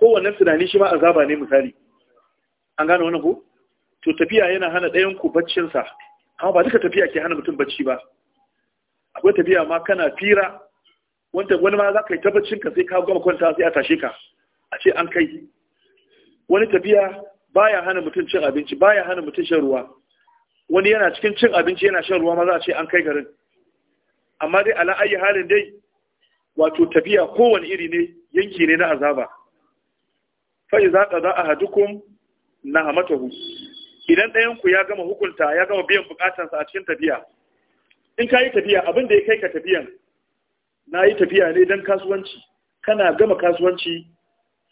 [SPEAKER 1] kowannen tunani shi ma azaba ne misali an gane wani ko to tafiya yana hana ɗayan ku baccinsa amma ba duka tafiya ke hana mutum bacci ba akwai tafiya ma kana fira wani ma za ka yi ta baccin ka sai ka gama kwanta sai a tashe ka a ce an kai wani tafiya baya hana mutum cin abinci baya hana mutum shan ruwa wani yana cikin cin abinci yana shan ruwa ma za a ce an kai garin amma dai ala ayi halin dai wato tafiya kowane iri ne yanki ne na azaba fa iza qada ahadukum nahamatuhu idan ɗayan ku ya gama hukunta ya gama biyan bukatansa a cikin tafiya in ka tafiya abin da ya kai ka tafiyan nayi tafiya ne don kasuwanci kana gama kasuwanci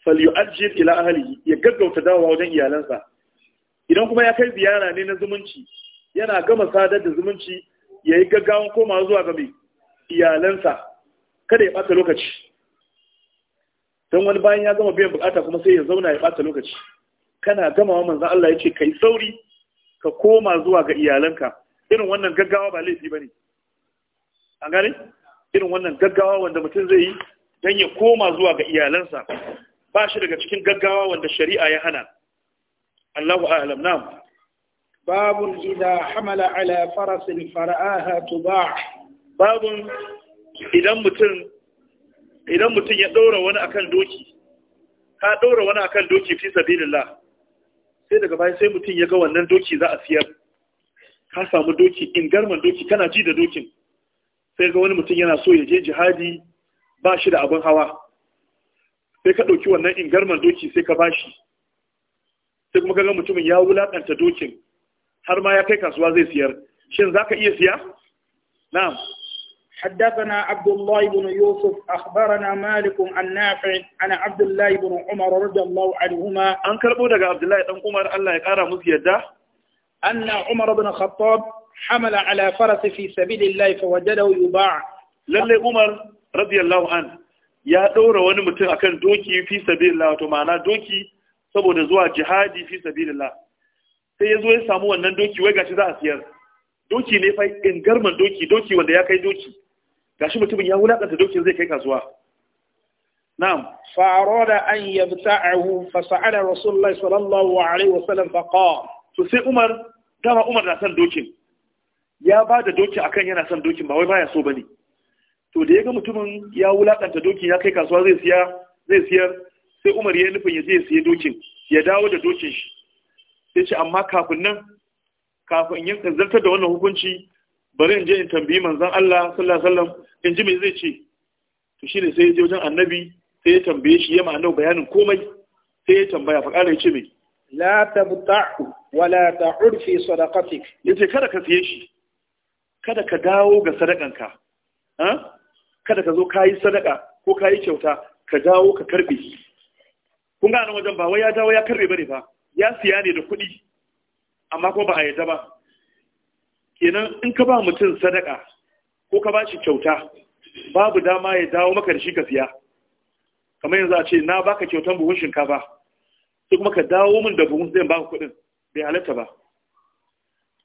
[SPEAKER 1] falyu'ajjil ila ahlihi ya gaggauta dawowa wajen iyalansa idan kuma ya kai ziyara ne na zumunci yana gama sadar da zumunci ya yi gaggawan koma zuwa ga mai iyalansa kada ya ɓata lokaci don wani bayan ya gama biyan bukata kuma sai ya zauna ya ɓata lokaci kana gama wa manzan Allah ya ce ka yi sauri ka koma zuwa ga iyalanka irin wannan gaggawa ba laifi ba ne an gane irin wannan gaggawa wanda mutum zai yi don ya koma zuwa ga iyalansa ba shi daga cikin gaggawa wanda shari'a ya hana Allahu a'lam na'am babun idza hamala ala farasin fara'aha tuba. babun idan mutum idan mutum ya daura wani akan doki ka daura wani akan doki fi sabilillah sai daga bayan sai mutum ya ga wannan doki za a siyar ka samu doki ingarman doki kana ji da dokin sai ga wani mutum yana so ya je jihadi ba shi da abin hawa sai ka ɗauki wannan ingarman doki sai ka bashi sai kuma kaga mutumin ya wulaƙanta dokin har ma ya kai kasuwa zai siyar shin za ka iya siya na'am حدثنا عبد الله بن يوسف أخبرنا مالك عن نافع عن عبد الله بن عمر رضي الله عنهما أن كربو دقى عبد الله بن عمر الله يقارى مزيدة أن عمر بن الخطاب حمل على فرس في سبيل الله فوجده يباع للي عمر رضي الله عنه ya ɗaura wani mutum akan doki fi sabilillah wato ma'ana doki saboda zuwa jihadi fi sabilillah sai ya zo ya samu wannan doki wai gashi za a siyar doki ne in garman doki doki wanda ya kai doki gashi mutumin ya wulakanta dokin zai kai kasuwa na'am faro da an yabta'ahu fa sa'ada rasulullahi sallallahu alaihi wa sallam fa to sai umar dama umar na san dokin ya ba da doki akan yana son dokin ba wai baya so ba ne? to da ya ga mutumin ya wulaƙanta dokin ya kai kasuwa zai siya zai siyar sai umar ya nufin ya je ya siya dokin ya dawo da dokin shi Ya ce amma kafin nan kafin yin zartar da wannan hukunci bari in je in tambayi manzon Allah sallallahu alaihi wasallam in ji me zai ce to shine sai ya je wajen annabi sai ya tambaye shi ya ma annabi bayanin komai sai ya tambaya fa ƙara ya ce mai la tabta'u wala la ta'ud fi sadaqatik yace kada ka siye shi kada ka dawo ga sadakanka ha kada ka zo ka yi sadaka ko ka yi kyauta ka dawo ka karbe kun ga nan wajen ba wai ya dawo ya karbe bane fa ya siya ne da kuɗi amma ko ba a yadda ba kenan in ka ba mutum sadaka ko ka ba shi kyauta babu dama ya dawo maka da shi ka siya kamar yanzu a ce na baka kyautan buhun shinkafa sai kuma ka dawo min da buhun zai baka kuɗin bai halatta ba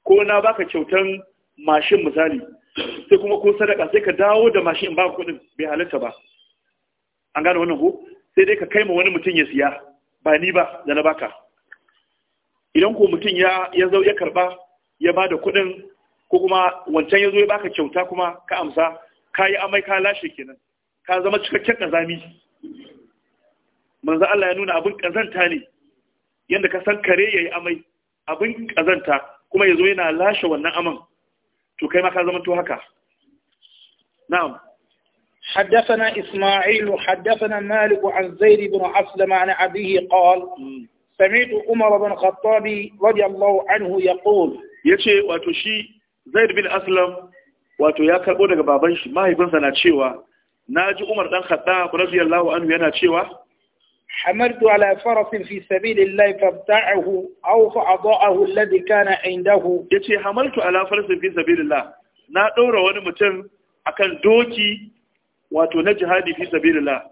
[SPEAKER 1] ko na baka kyautan mashin misali sai kuma ko sadaka sai ka dawo da mashin ba kuɗin bai halatta ba an gane wannan ko sai dai ka kai ma wani mutum ya siya ba ni ba da na baka idan ko mutum ya ya zo ya karba ya ba da kuɗin ko kuma wancan ya zo ya baka kyauta kuma ka amsa ka yi amai ka lashe kenan ka zama cikakken kazami manzo Allah ya nuna abin kazanta ne yanda ka san kare yayi amai abin kazanta kuma yazo yana lashe wannan aman to kai ma ka zama to haka na'am حدثنا إسماعيل حدثنا مالك عن زيد بن أسلم عن أبيه قال سمعت عمر بن الخطاب رضي الله عنه يقول يشي واتوشي زيد بن أسلم wato ya karbo daga baban shi mahaifinsa na cewa na ji umar dan khattab radiyallahu anhu yana cewa حملت على فرس في سبيل الله فابتعه أو فأضاءه الذي كان عنده يتي حملت على فرس في سبيل الله نا دورا wani mutum akan doki wato na jihadi fi sabilillah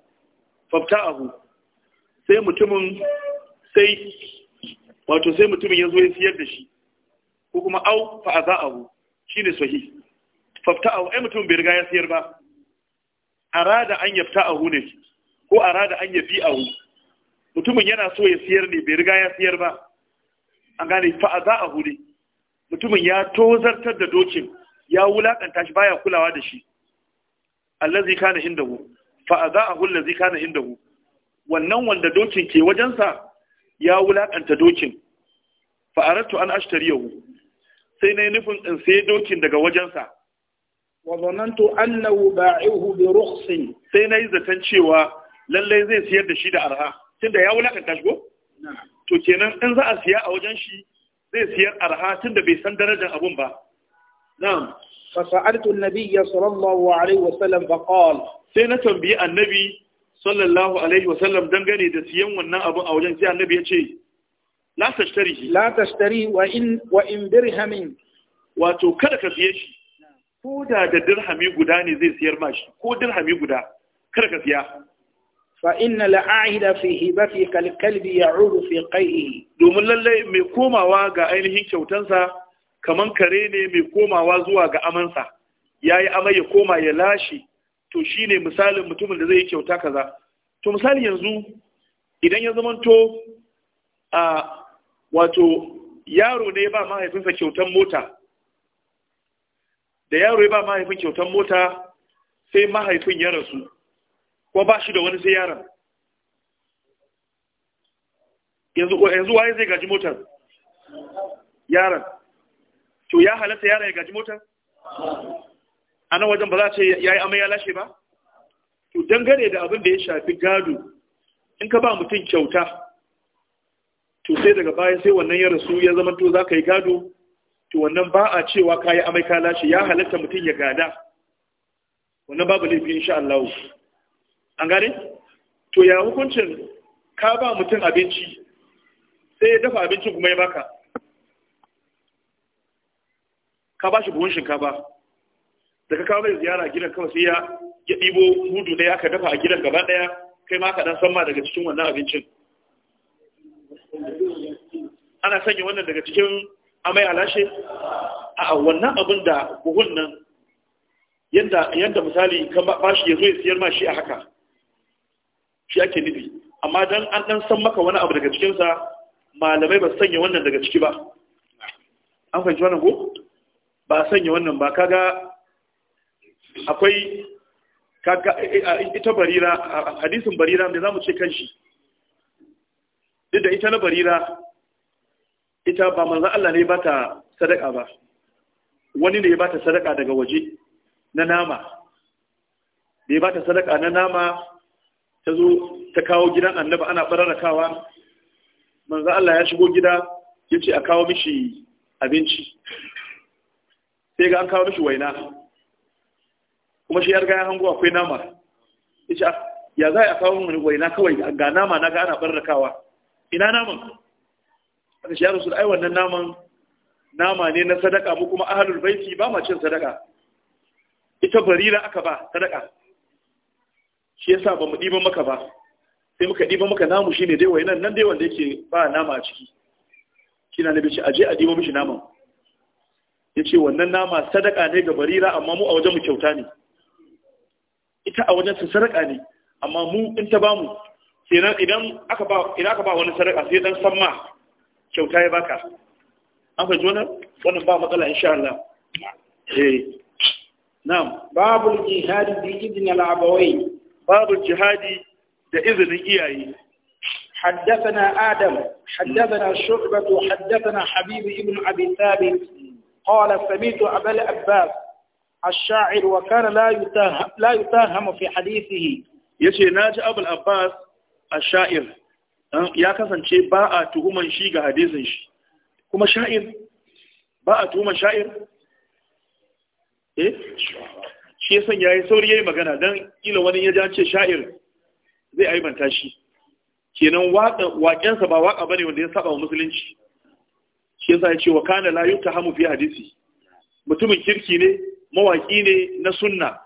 [SPEAKER 1] fabta'ahu sai mutumin wato sai mutumin yazo ya siyar da shi ko kuma au fa'aza'ahu shine sahih fabta'ahu ai mutumin bai riga ya siyar ba arada an yafta'ahu ne ko arada an yabi'ahu mutumin yana so ya siyar ne bai riga ya siyar ba an gane fa za a hure mutumin ya tozartar da dokin ya wulakanta shi baya kulawa da shi allazi kana indahu fa za a hulla zai kana indahu wannan wanda dokin ke wajensa ya wulakanta dokin fa aratu an ashtariyahu sai na yi nufin in sai dokin daga wajensa wa zanantu annahu ba'ihu bi rukhsin sai na yi zaton cewa lallai zai siyar da shi da arha tunda ya wulakanta shi to kenan in za a siya a wajen shi zai siyar arha tunda bai san darajar abun ba na'am fa sa'altu an-nabiy sallallahu alaihi wa sallam fa qala sai na tambayi annabi sallallahu alaihi wa sallam dangane da siyan wannan abun a wajen sai annabi ya ce la tashtarihi la tashtari wa in wa in dirhamin wato kada ka siye shi ko da da dirhami guda ne zai siyar ma shi ko dirhami guda kada ka siya فإن العائد في هبته كالكلب يعود في قيئه domin lalle mai komawa ga ainihin kyautansa kaman kare ne mai komawa zuwa ga amansa yayi amai ya koma ya lashe, to shine misalin mutumin da zai yi kyauta kaza to misali yanzu idan ya zamanto a wato yaro ne ba mahaifinsa kyautan mota da yaro ya ba mahaifin kyautar mota sai mahaifin ya rasu ko ba shi da wani sai yaran. yanzu waye zai gaji motar Yaran. to ya halatta yaran ya gaji motar a nan wajen ba za ce ya yi amai ya lashe ba to dangane da abin da ya shafi gado in ka ba mutum kyauta to sai daga baya sai wannan ya rasu ya zama to za ka yi gado to wannan ba a cewa ka yi amai ka lashe ya halatta mutum ya gada wannan babu laifin insha Allah an gane to ya hukuncin ka ba mutum abinci sai ya dafa abincin kuma ya baka ka ba shi buhun shinkafa da ka kawo mai ziyara a gidan kawai sai ya ya ɗibo hudu ɗaya aka dafa a gidan gaba ɗaya kai ma ka ɗan samma daga cikin wannan abincin ana sanya wannan daga cikin amai alashe a wannan abin da buhun nan yadda misali kan bashi ya zo ya siyar ma shi a haka shi ake nufi amma dan an dan san maka wani abu daga cikinsa malamai ba su sanya wannan daga ciki ba an fahimci wannan ko ba sanya wannan ba kaga akwai kaga eh, eh, eh, ita barira hadisin barira me zamu ce kanshi duk da ita na barira ita ba manzo Allah ne ba ta sadaka ba wani ne ya ba ta sadaka daga waje na nama ne ba ta sadaka na nama ta zo ta kawo gidan annaba ana bararrakawa manzo Allah ya shigo gida ya ce a kawo mishi abinci sai ga an kawo mishi waina kuma shi ya riga ya hango akwai nama ya ce ah, ya za a kawo mini waina kawai ga nama na ga ana bararrakawa ina naman aka shi ya rasu ai wannan naman nama ne na sadaka mu kuma ahlul baiti ba ma cin sadaka ita barira aka ba sadaka shi yasa ba mu ɗiba maka ba sai muka ɗiba maka namu shine dai wai nan dai wanda yake ba nama a ciki shi na nabi ce aje a ɗiba mishi naman ya ce wannan nama sadaka ne ga barira amma mu a wajen mu kyauta ne ita a wajen su sadaka ne amma mu in ta bamu kenan idan aka ba idan aka ba wani sadaka sai dan san ma kyauta ya baka an fahimci jona wannan ba matsala insha Allah eh na'am babul jihad bi idnil abawayn babu jihadi da izinin iyaye حدثنا آدم حدثنا شعبة حدثنا حبيب ابن أبي ثابت قال سمعت أبا العباس الشاعر وكان لا يتهم, لا يتهم في حديثه يشي ناجي أبو العباس الشاعر يا كسان شيء باء تهما شيء حديث شيء كما شاعر باء تهما شاعر إيه shi ya sanya ya sauri ya yi magana don ila wani ya dace sha'ir zai aibanta shi kenan waƙensa ba waƙa bane wanda ya saba wa musulunci shi ya ce wa kana ta hamu fi hadisi mutumin kirki ne mawaƙi ne na sunna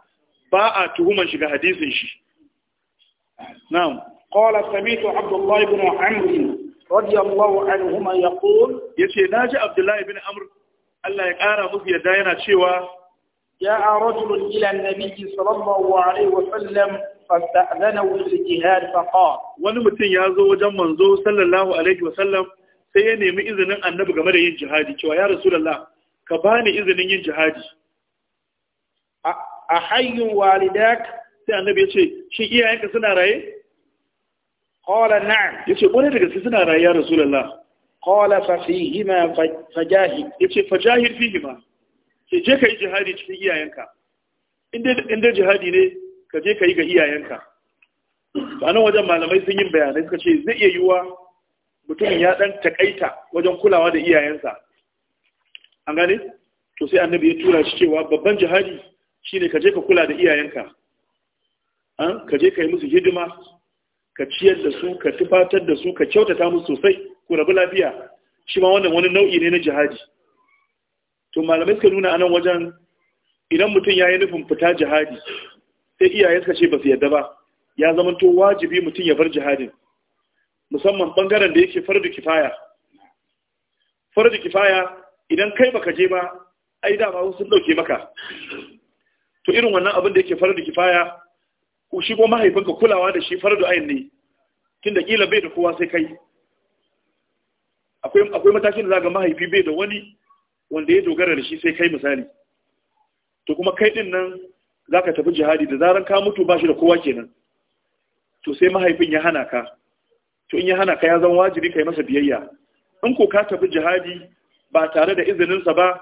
[SPEAKER 1] ba a tuhuman shiga hadisin shi na'am qala sami'tu abdullah ibn amr radiyallahu anhuma yaqul yace naji abdullah ibn amr Allah ya ƙara musu yadda yana cewa جاء رجل إلى النبي صلى الله عليه وسلم فاستأذنوا للجهاد فقال ونمتن يازو وجم منزو صلى الله عليه وسلم سيني مئذن أن نبقى مريء جهادي يا رسول الله كباني إذن ين جهادي أحي والدك سي النبي يشي شي إيه أنك سنعرأي قال نعم يشي قولي لك سنعرأي يا رسول الله قال ففيهما فجاهد يشي فجاهد فيهما ce je ka yi jihadi cikin iyayenka inda jihadi ne ka je ka yi ga iyayenka Ba nan wajen malamai sun yi bayanai suka ce zai iya yiwuwa mutumin ya dan takaita wajen kulawa da iyayensa an gane to sai annabi ya tura shi cewa babban jihadi shine ka je ka kula da iyayenka an ka je ka yi musu hidima ka ciyar da su ka tufatar da su ka kyautata musu sosai ku rabu lafiya shi ma wannan wani nau'i ne na jihadi to malamai suka nuna anan wajen idan mutum ya yi nufin fita jihadi sai iyaye suka ce ba su yadda ba ya zama zamanto wajibi mutum ya bar jihadin musamman bangaren da yake fardu kifaya fardu kifaya idan kai baka je ba ai da ba sun dauke maka to irin wannan abin da yake fardu kifaya ku shigo mahaifinka kulawa da shi fardu ayin ne tunda kila bai da kowa sai kai akwai akwai matakin da ga mahaifi bai da wani wanda ya dogara da shi sai kai misali to kuma kai din nan za ka tafi jihadi da zaran ka mutu ba shi da kowa kenan to sai mahaifin ya hana ka to in ya hana ka ya zama wajibi kai masa biyayya in ko ka tafi jihadi ba tare da izininsa ba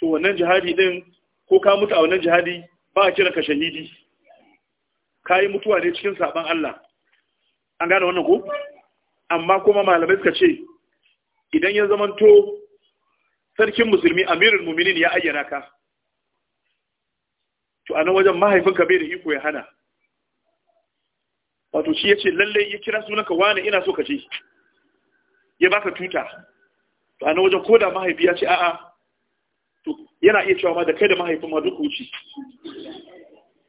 [SPEAKER 1] to wannan jihadi din ko ka mutu a wannan jihadi ba a kira ka shahidi ka yi mutuwa ne cikin saban Allah an gane wannan ko amma kuma malamai suka ce idan ya zamanto sarkin musulmi amirul muminin ya ayyana ka to a nan wajen mahaifinka bai da iko ya hana wato shi ya ce lallai ya kira sunanka wani ina so ka ce ya baka tuta to a nan wajen ko da mahaifi ya ce a'a to yana iya cewa ma da kai da mahaifin ma duk wuce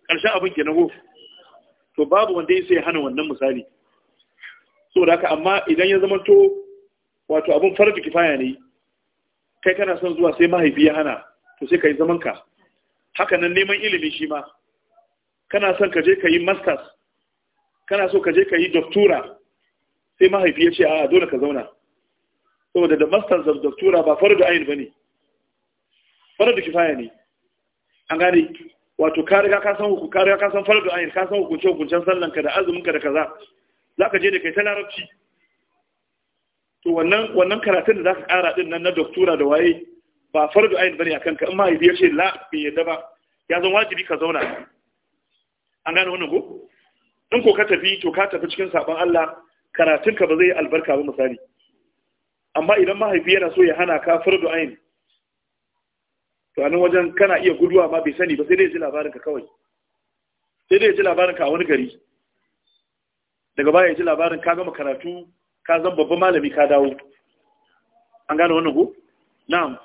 [SPEAKER 1] ƙarshen abin ke nago to babu wanda ya sai hana wannan misali so da haka amma idan ya zama to wato abin farar kifaya ne kai kana son zuwa sai mahaifi ya hana to sai ka yi zamanka haka nan neman ilimi shi ma kana son ka je ka yi masters kana so ka je ka yi doctora sai mahaifi ya ce a dole ka zauna saboda da masters da doctora ba da ayin ba ne faradu kifaya ne an gane wato ka riga ka san hukun ka riga ka san ayin ka san hukunce hukuncen sallanka da azumin ka da kaza za ka je da kai ta larabci to wannan wannan karatun da zaka kara din nan na doktora da waye ba fardu ayin bane akan ka in ma ya ce la bai yadda ba ya zan wajibi ka zauna an gane wannan ko in ko ka tafi to ka tafi cikin sabon Allah karatun ka ba zai albarka ba misali amma idan mahaifi yana so ya hana ka fardu ayin to anan wajen kana iya guduwa ma bai sani ba sai dai ji labarin ka kawai sai dai ji labarin ka a wani gari daga baya ya ji labarin ka gama karatu ka zan babban malami ka dawo an gane wannan ku? na'am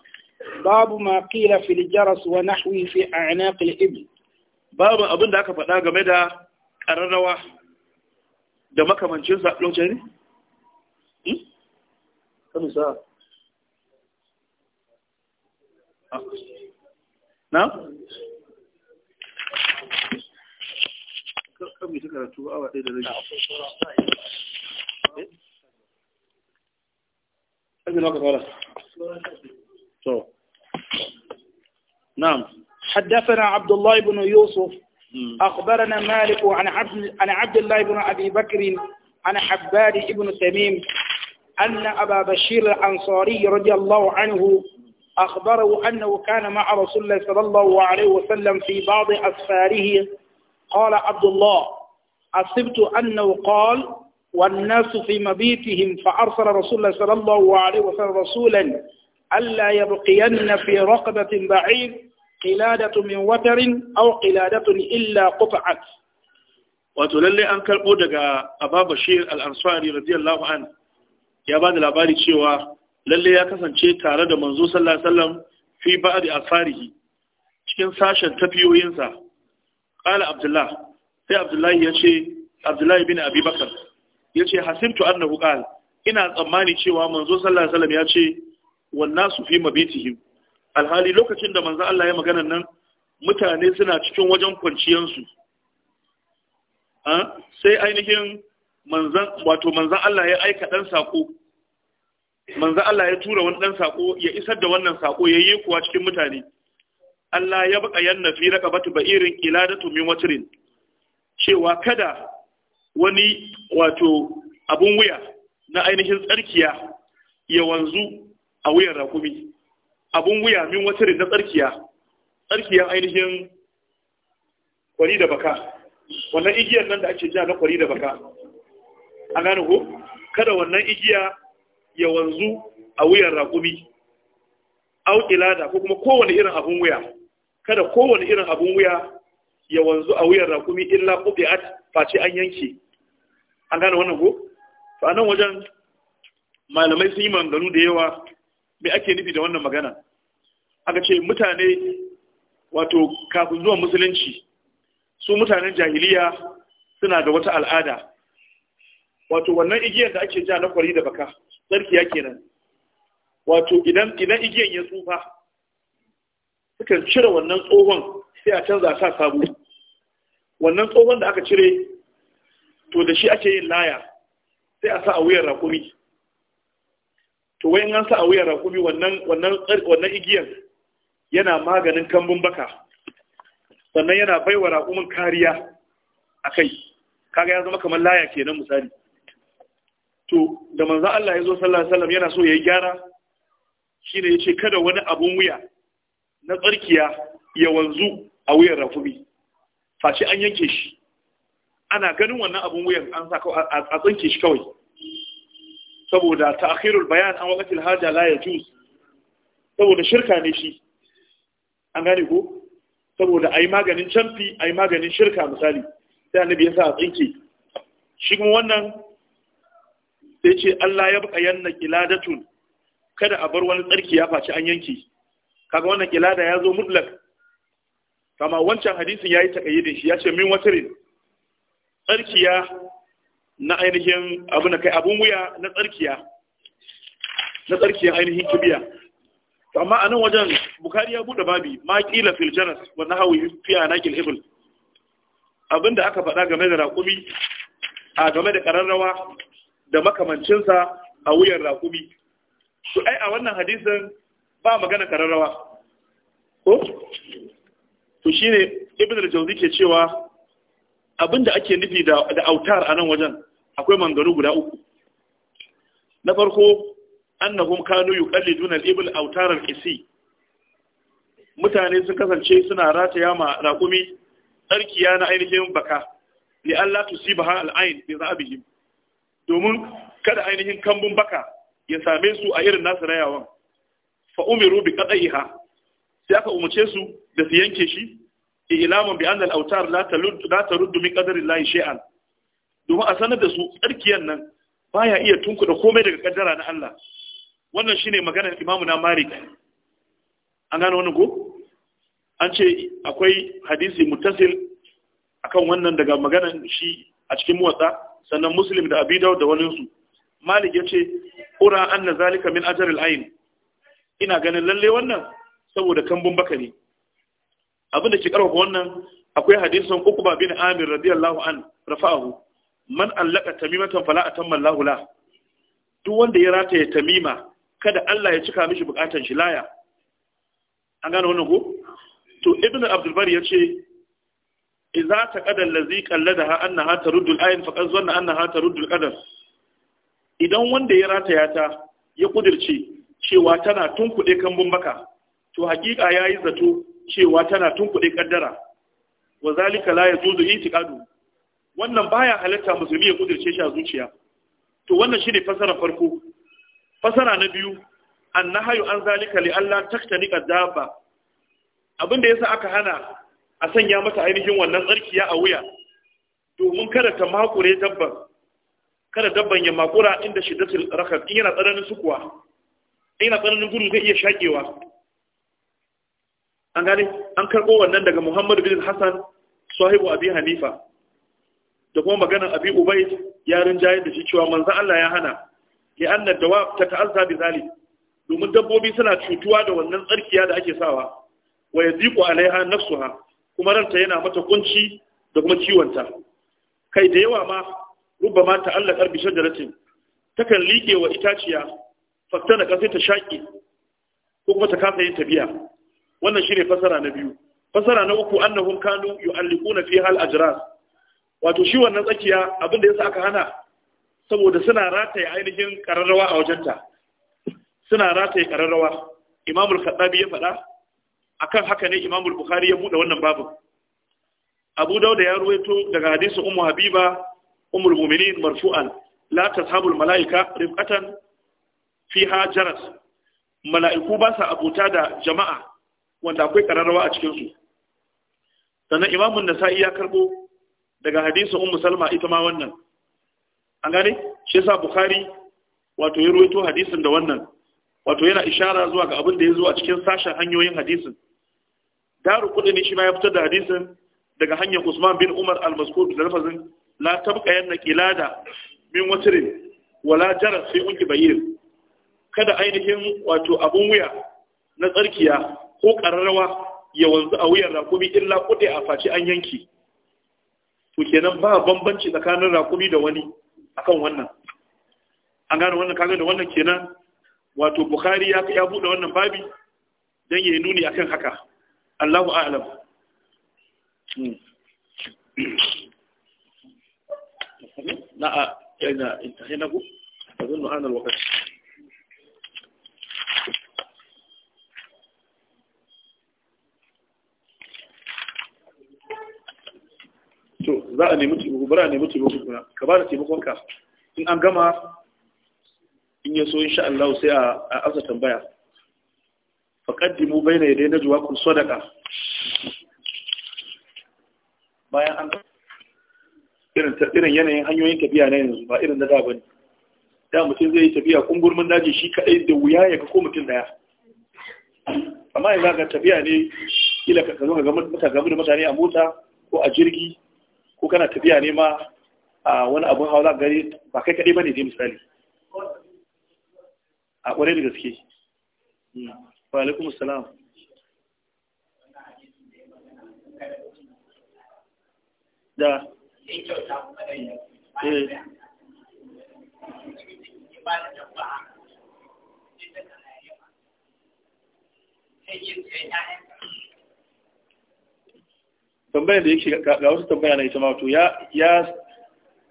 [SPEAKER 1] babu ma qila fil jaras wa nahwi fi a'naq al ibl babu abin da aka faɗa game da ƙararrawa da makamancin sa lokacin ne hmm? kamu sa ah. na'am kan ta karatu awa ɗaya da rage نعم حدثنا عبد الله بن يوسف أخبرنا مالك عن عبد عن عبد الله بن أبي بكر عن حباد بن تميم أن أبا بشير الأنصاري رضي الله عنه أخبره أنه كان مع رسول الله صلى الله عليه وسلم في بعض أسفاره قال عبد الله أصبت أنه قال والناس في مبيتهم فأرسل رسول الله صلى الله عليه وسلم رسولا ألا يبقين في رقبة بعيد قلادة من وتر أو قلادة إلا قطعت وتللي أن كالبودغا أبا بشير الأنصاري رضي الله عنه يا بعد الأباري شوى للي يا كسان شيء تارى منزوس صلى الله عليه وسلم في بعض أثاره شكن ساشا تبيو ينسى قال عبد الله في عبد الله يا عبد الله بن أبي بكر Ya ce hasibtu annahu qala ina tsammani cewa manzo sallallahu alaihi wasallam ya ce wannan su fi mabitihim alhali lokacin da manzo Allah ya magana nan mutane suna cikin wajen kwanciyansu sai ainihin manzan wato manzan Allah ya aika dan sako manzan Allah ya tura wani dan sako ya isar da wannan sako ya yi kuwa cikin mutane Allah ya baka yanna fi raqabati ba'irin iladatu min watrin cewa kada wani wato abun wuya na ainihin tsarkiya ya wanzu a wuyan rakumi abun wuya min wata na tsarkiya tsarkiya ainihin kwari da baka wannan igiyar nan da ake ja na kwari da baka A gane ko kada wannan igiya ya wanzu a wuyan rakumi au ilada ko kuma kowane irin abun wuya kada kowane irin abun wuya ya wanzu a wuyan rakumi illa qubi'at face an yanke an gane wannan ko to a nan wajen malamai sun yi manganu da yawa me ake nufi da wannan magana aka ce mutane wato kafin zuwa musulunci su mutanen jahiliya suna da wata al'ada wato wannan igiyar da ake ja na kwari da baka tsarkiya kenan wato idan idan igiyar ya tsufa sukan cire wannan tsohon sai a canza sa sabo wannan tsohon da aka cire to da shi ake yin laya sai a sa a wuyan rakumi to wayan an sa a wuyan rakumi wannan wannan wannan igiyan yana maganin kambun baka sannan yana baiwa rakumin kariya a kai kaga ya zama kamar laya kenan misali to da manzo Allah ya zo sallallahu alaihi wasallam yana so yayi gyara shine yace kada wani abun wuya na tsarkiya ya wanzu a wuyan rakumi fashi an yanke shi ana ganin wannan abun wuyan an sa a tsinke shi kawai saboda ta'khirul bayan an waqtil haja la yajuz saboda shirka ne shi an gane ko saboda ai maganin canfi ai maganin shirka misali sai annabi ya sa a tsinke shi kuma wannan sai ce Allah ya baka yanna qiladatun kada a bar wani tsarki ya faci an yanki kaga wannan qilada ya zo mutlak kama wancan hadisin yayi takayyidin shi ya ce min watarin tsarkiya na ainihin abu na kai abun wuya na tsarkiya na tsarkiya ainihin kibiya amma a nan wajen bukari ya buɗe babi ma kila fil janas wa nahawi fi ibl abinda aka faɗa game da raƙumi a game da ƙararrawa da makamancinsa a wuyan raƙumi to ai a wannan hadisin ba magana ƙararrawa ko to shine ibn al-jawzi ke cewa Abin abinda ake nufi da autar a nan wajen akwai manganu guda uku na farko annahum kanu yuqalliduna al-ibl autar al isi mutane sun kasance suna rataya ma raƙumi tsarkiya na ainihin baka li Allah tusibaha al-ayn bi zabihim domin kada ainihin kambun baka ya same su a irin nasu rayawan fa umiru bi qadaiha sai aka umarce su da su yanke shi ilamun bi al autar la talud la taruddu min qadari llahi shay'an domin a sanar da su tsarkiyan nan baya iya tunkuda komai daga kaddara na Allah wannan shine maganar imamu na Malik an gano wannan ko an ce akwai hadisi muttasil akan wannan daga maganar shi a cikin muwatta sannan Muslim da abidaw da wani su Malik ya ce ura anna zalika min al ayn ina ganin lalle wannan saboda kambun bakari ne abin da ke karfafa wannan akwai hadisin ba bin amir radiyallahu an rafa'ahu man allaka tamimatan fala atamma Allahu la duk wanda ya ya tamima kada Allah ya cika mishi bukatan shi laya an gane wannan ko to ibn abdul bari yace idza taqada allazi qalladaha annaha taruddu al-ayn faqad zanna annaha taruddu al-qadar idan wanda ya rataya ta ya kudirce cewa tana tunkuɗe kambun bumbaka to hakika yayi zato cewa tana tunkuɗe kaddara wa zalika la ya yajuzu itiqadu wannan baya halatta musulmi ya kudirce shi a zuciya to wannan shine fasara farko fasara na biyu annahayu an zalika li Allah taktani kadaba abinda yasa aka hana a sanya mata ainihin wannan tsarkiya a wuya domin kada ta makure dabban kada dabban ya makura inda shiddatul rakab in yana tsananin sukuwa in yana tsananin gudu zai iya shakewa an gane an karɓo wannan daga muhammadu bin hassan sahibu abi hanifa da kuma maganar abi ubai yarin jayar da shi cewa manzan allah ya hana ya anna dawab ta ta'azza bi zali domin dabbobi suna cutuwa da wannan tsarkiya da ake sawa wa yadiqu alaiha ha? kuma ranta yana mata kunci da kuma ciwonta kai da yawa ma rubbama ta'allaqar bi shajaratin takan liƙe wa itaciya fakta na ƙasai ta shaƙi ko kuma ta kasa yin tafiya wannan shi ne fasara na biyu fasara na uku annahum kanu yu'alliquna fi hal ajras wato shi wannan tsakiya abin da yasa aka hana saboda suna rataye ainihin kararrawa a wajenta suna rataye kararrawa imamu al-Khattabi ya faɗa akan haka ne imamul al-Bukhari ya buɗe wannan babu. Abu dauda ya ruwaito daga hadisin Ummu Habiba Ummul Mu'minin marfu'an la tashabul malaika rifqatan fiha jaras mala'iku ba sa abuta da jama'a wanda akwai kararrawa a cikinsu sannan imamun nasa'i ya karbo daga hadisin ummu salma ita ma wannan an gane shi sa bukhari wato ya ruwaito hadisin da wannan wato yana ishara zuwa ga abin da ya zo a cikin sashen hanyoyin hadisin daru kudi ne shi ma ya fitar da hadisin daga hanyar usman bin umar al-maskur da lafazin la tabqa yanna qilada min watrin wala jarat fi unki bayir kada ainihin wato abun wuya na tsarkiya ko ƙararrawa ya wanzu a wuyan rakumi illa kuɗe a face an yanki to kenan ba bambanci tsakanin rakumi da wani akan wannan an gane wannan kaga da wannan kenan wato bukhari ya ya wannan babi dan yayi nuni akan haka Allahu a'lam na a ina intahina ku azunnu ana alwaqt to za a nemi taimako bara a nemi taimako kuna ka ba da taimakonka. in an gama in ya so insha Allah sai a asa tambaya faqaddimu bayna yaday najwaakum sadaqa bayan an irin irin yanayin hanyoyin tafiya na yanzu ba irin da da bane da mutum zai yi tafiya kungurmin daji shi kadai da wuya ya ga ko mutum daya amma yanzu ga tafiya ne kila ka zo ka ga mutane a mota ko a jirgi ko kana tafiya ne ma a wani abun hawa gari ba kai kaɗai ba ne misali a ƙwarai da gaske hmm. wa alaikum tambayar da yake ga wasu tambaya na ita ma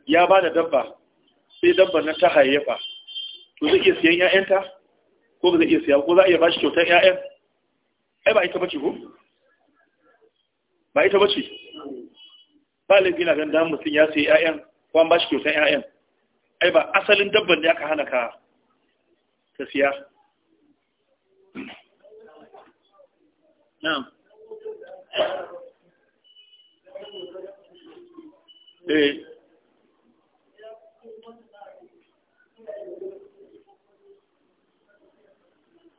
[SPEAKER 1] ya ba da dabba sai dabba na ta hayyafa to zai iya siyan 'ya'yanta, ko ba zai iya siya ko za a iya bashi kyautar 'ya'yan? ai ba ita bace ko ba ita bace ba laifi na ganin mutum ya sayi 'ya'yan ko an bashi kyautar 'ya'yan. ai ba asalin dabban da aka hana ka ka siya na'am Eh.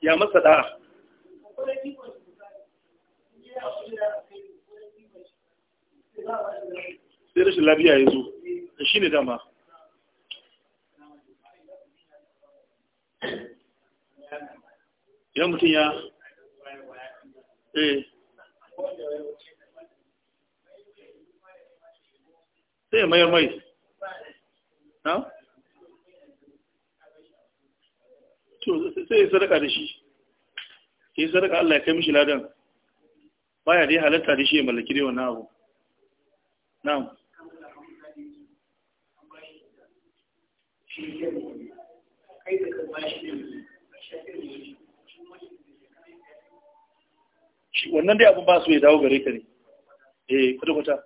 [SPEAKER 1] ya masa ɗa? sai rashin lafiya ya zo da shi ne dama idan mutum ya eh sai ya mayar mai sai ya sadaka da shi ya yi sadaka Allah ya kai mishi ladan baya dai halatta da shi ya mallaki da wani abu na'am wannan dai abin ba su ya dawo gare ka ne eh kwata-kwata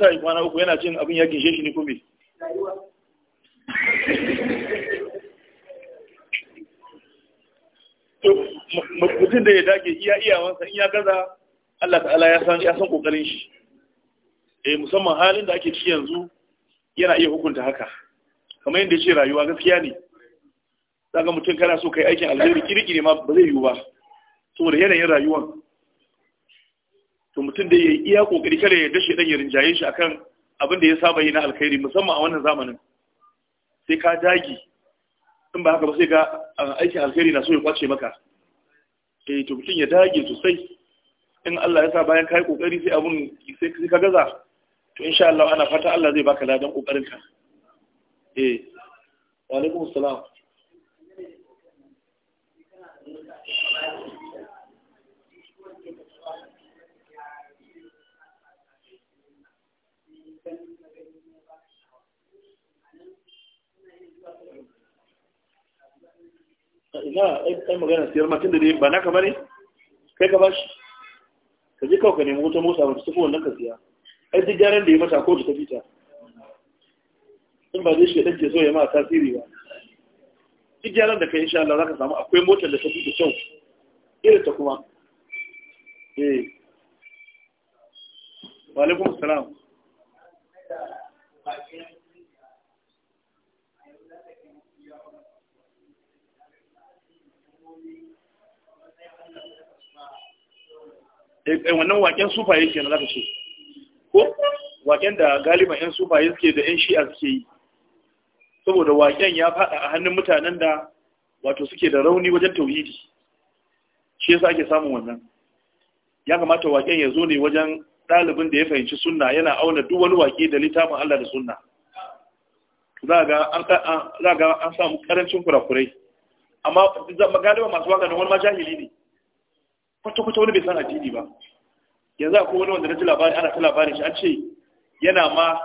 [SPEAKER 1] da yi kwana uku yana cin abin ya gishe shi ne kome mutum da ya dage iya iyawansa in ya gaza Allah ta'ala ya san kokarin shi eh musamman halin da ake ci yanzu yana iya hukunta haka kamar yadda ya ce rayuwa gaskiya ne ga mutum kana so kai aikin alheri kirkire ma ba zai yiwu ba saboda yanayin rayuwan to mutum da ya iya kokari kada ya dashe dan ya rinjaye shi akan abin da ya saba yi na alkhairi musamman a wannan zamanin sai ka dagi in ba haka ba sai ga aikin alkhairi na so ya kwace maka eh to mutum ya dage sosai in Allah ya sa bayan yi kokari sai abun sai ka gaza to insha Allah ana fata Allah zai baka ladan kokarin ka eh wa alaikum assalam ina ai magana siyar matin da dai ba na naka bane kai ka bashi ka ji kawai ka nemi wuta musa ba su fi wannan ka siya ai duk gyaran da ya mata ko ta fita in ba zai shi ɗan ke so ya ma tasiri ba duk gyaran da ka yi sha'ala za ka samu akwai motar da ta fi da kyau irin ta kuma eh wa salam eh, eh, wannan waken sufa ke na zaka ce waken da galiba 'yan sufaye suke da 'yan shi'a suke yi saboda waken ya faɗa a hannun mutanen da wato suke da rauni wajen tauhidi shi yasa ake samun wannan ya kamata waken ya zo ne wajen ɗalibin da ya fahimci sunna yana auna duk wani wake da littafin Allah da sunna za ga an samu karancin kurakurai amma galiba masu waka da wani ma jahili ne kwata-kwata wani bai san addini ba yanzu a wani wanda na ji labari ana ta labarin shi an ce yana ma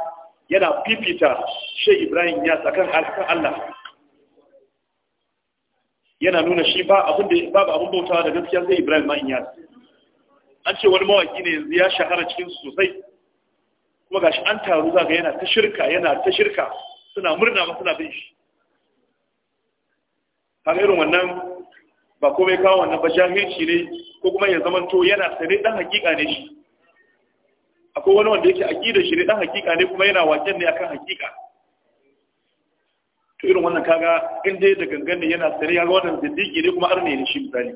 [SPEAKER 1] yana fifita shai ibrahim ya tsakan allah yana nuna shi ba abin da ba abin bautawa da gaskiya sai ibrahim ma ya an ce wani mawaki ne yanzu ya shahara cikin sosai kuma gashi an taru zaga yana ta shirka yana ta shirka suna murna ba suna bin shi Ta irin wannan ba komai kawo wannan ba jahilci ne ko kuma ya zama to yana sane dan hakika ne shi akwai wani wanda yake aqida shi ne dan hakika ne kuma yana waken ne akan hakika to irin wannan kaga in dai da gangan ne yana sane ga wannan zindigi ne kuma arne ne shi misali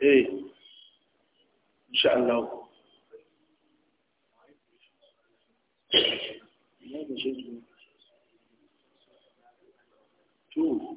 [SPEAKER 1] eh insha Allah to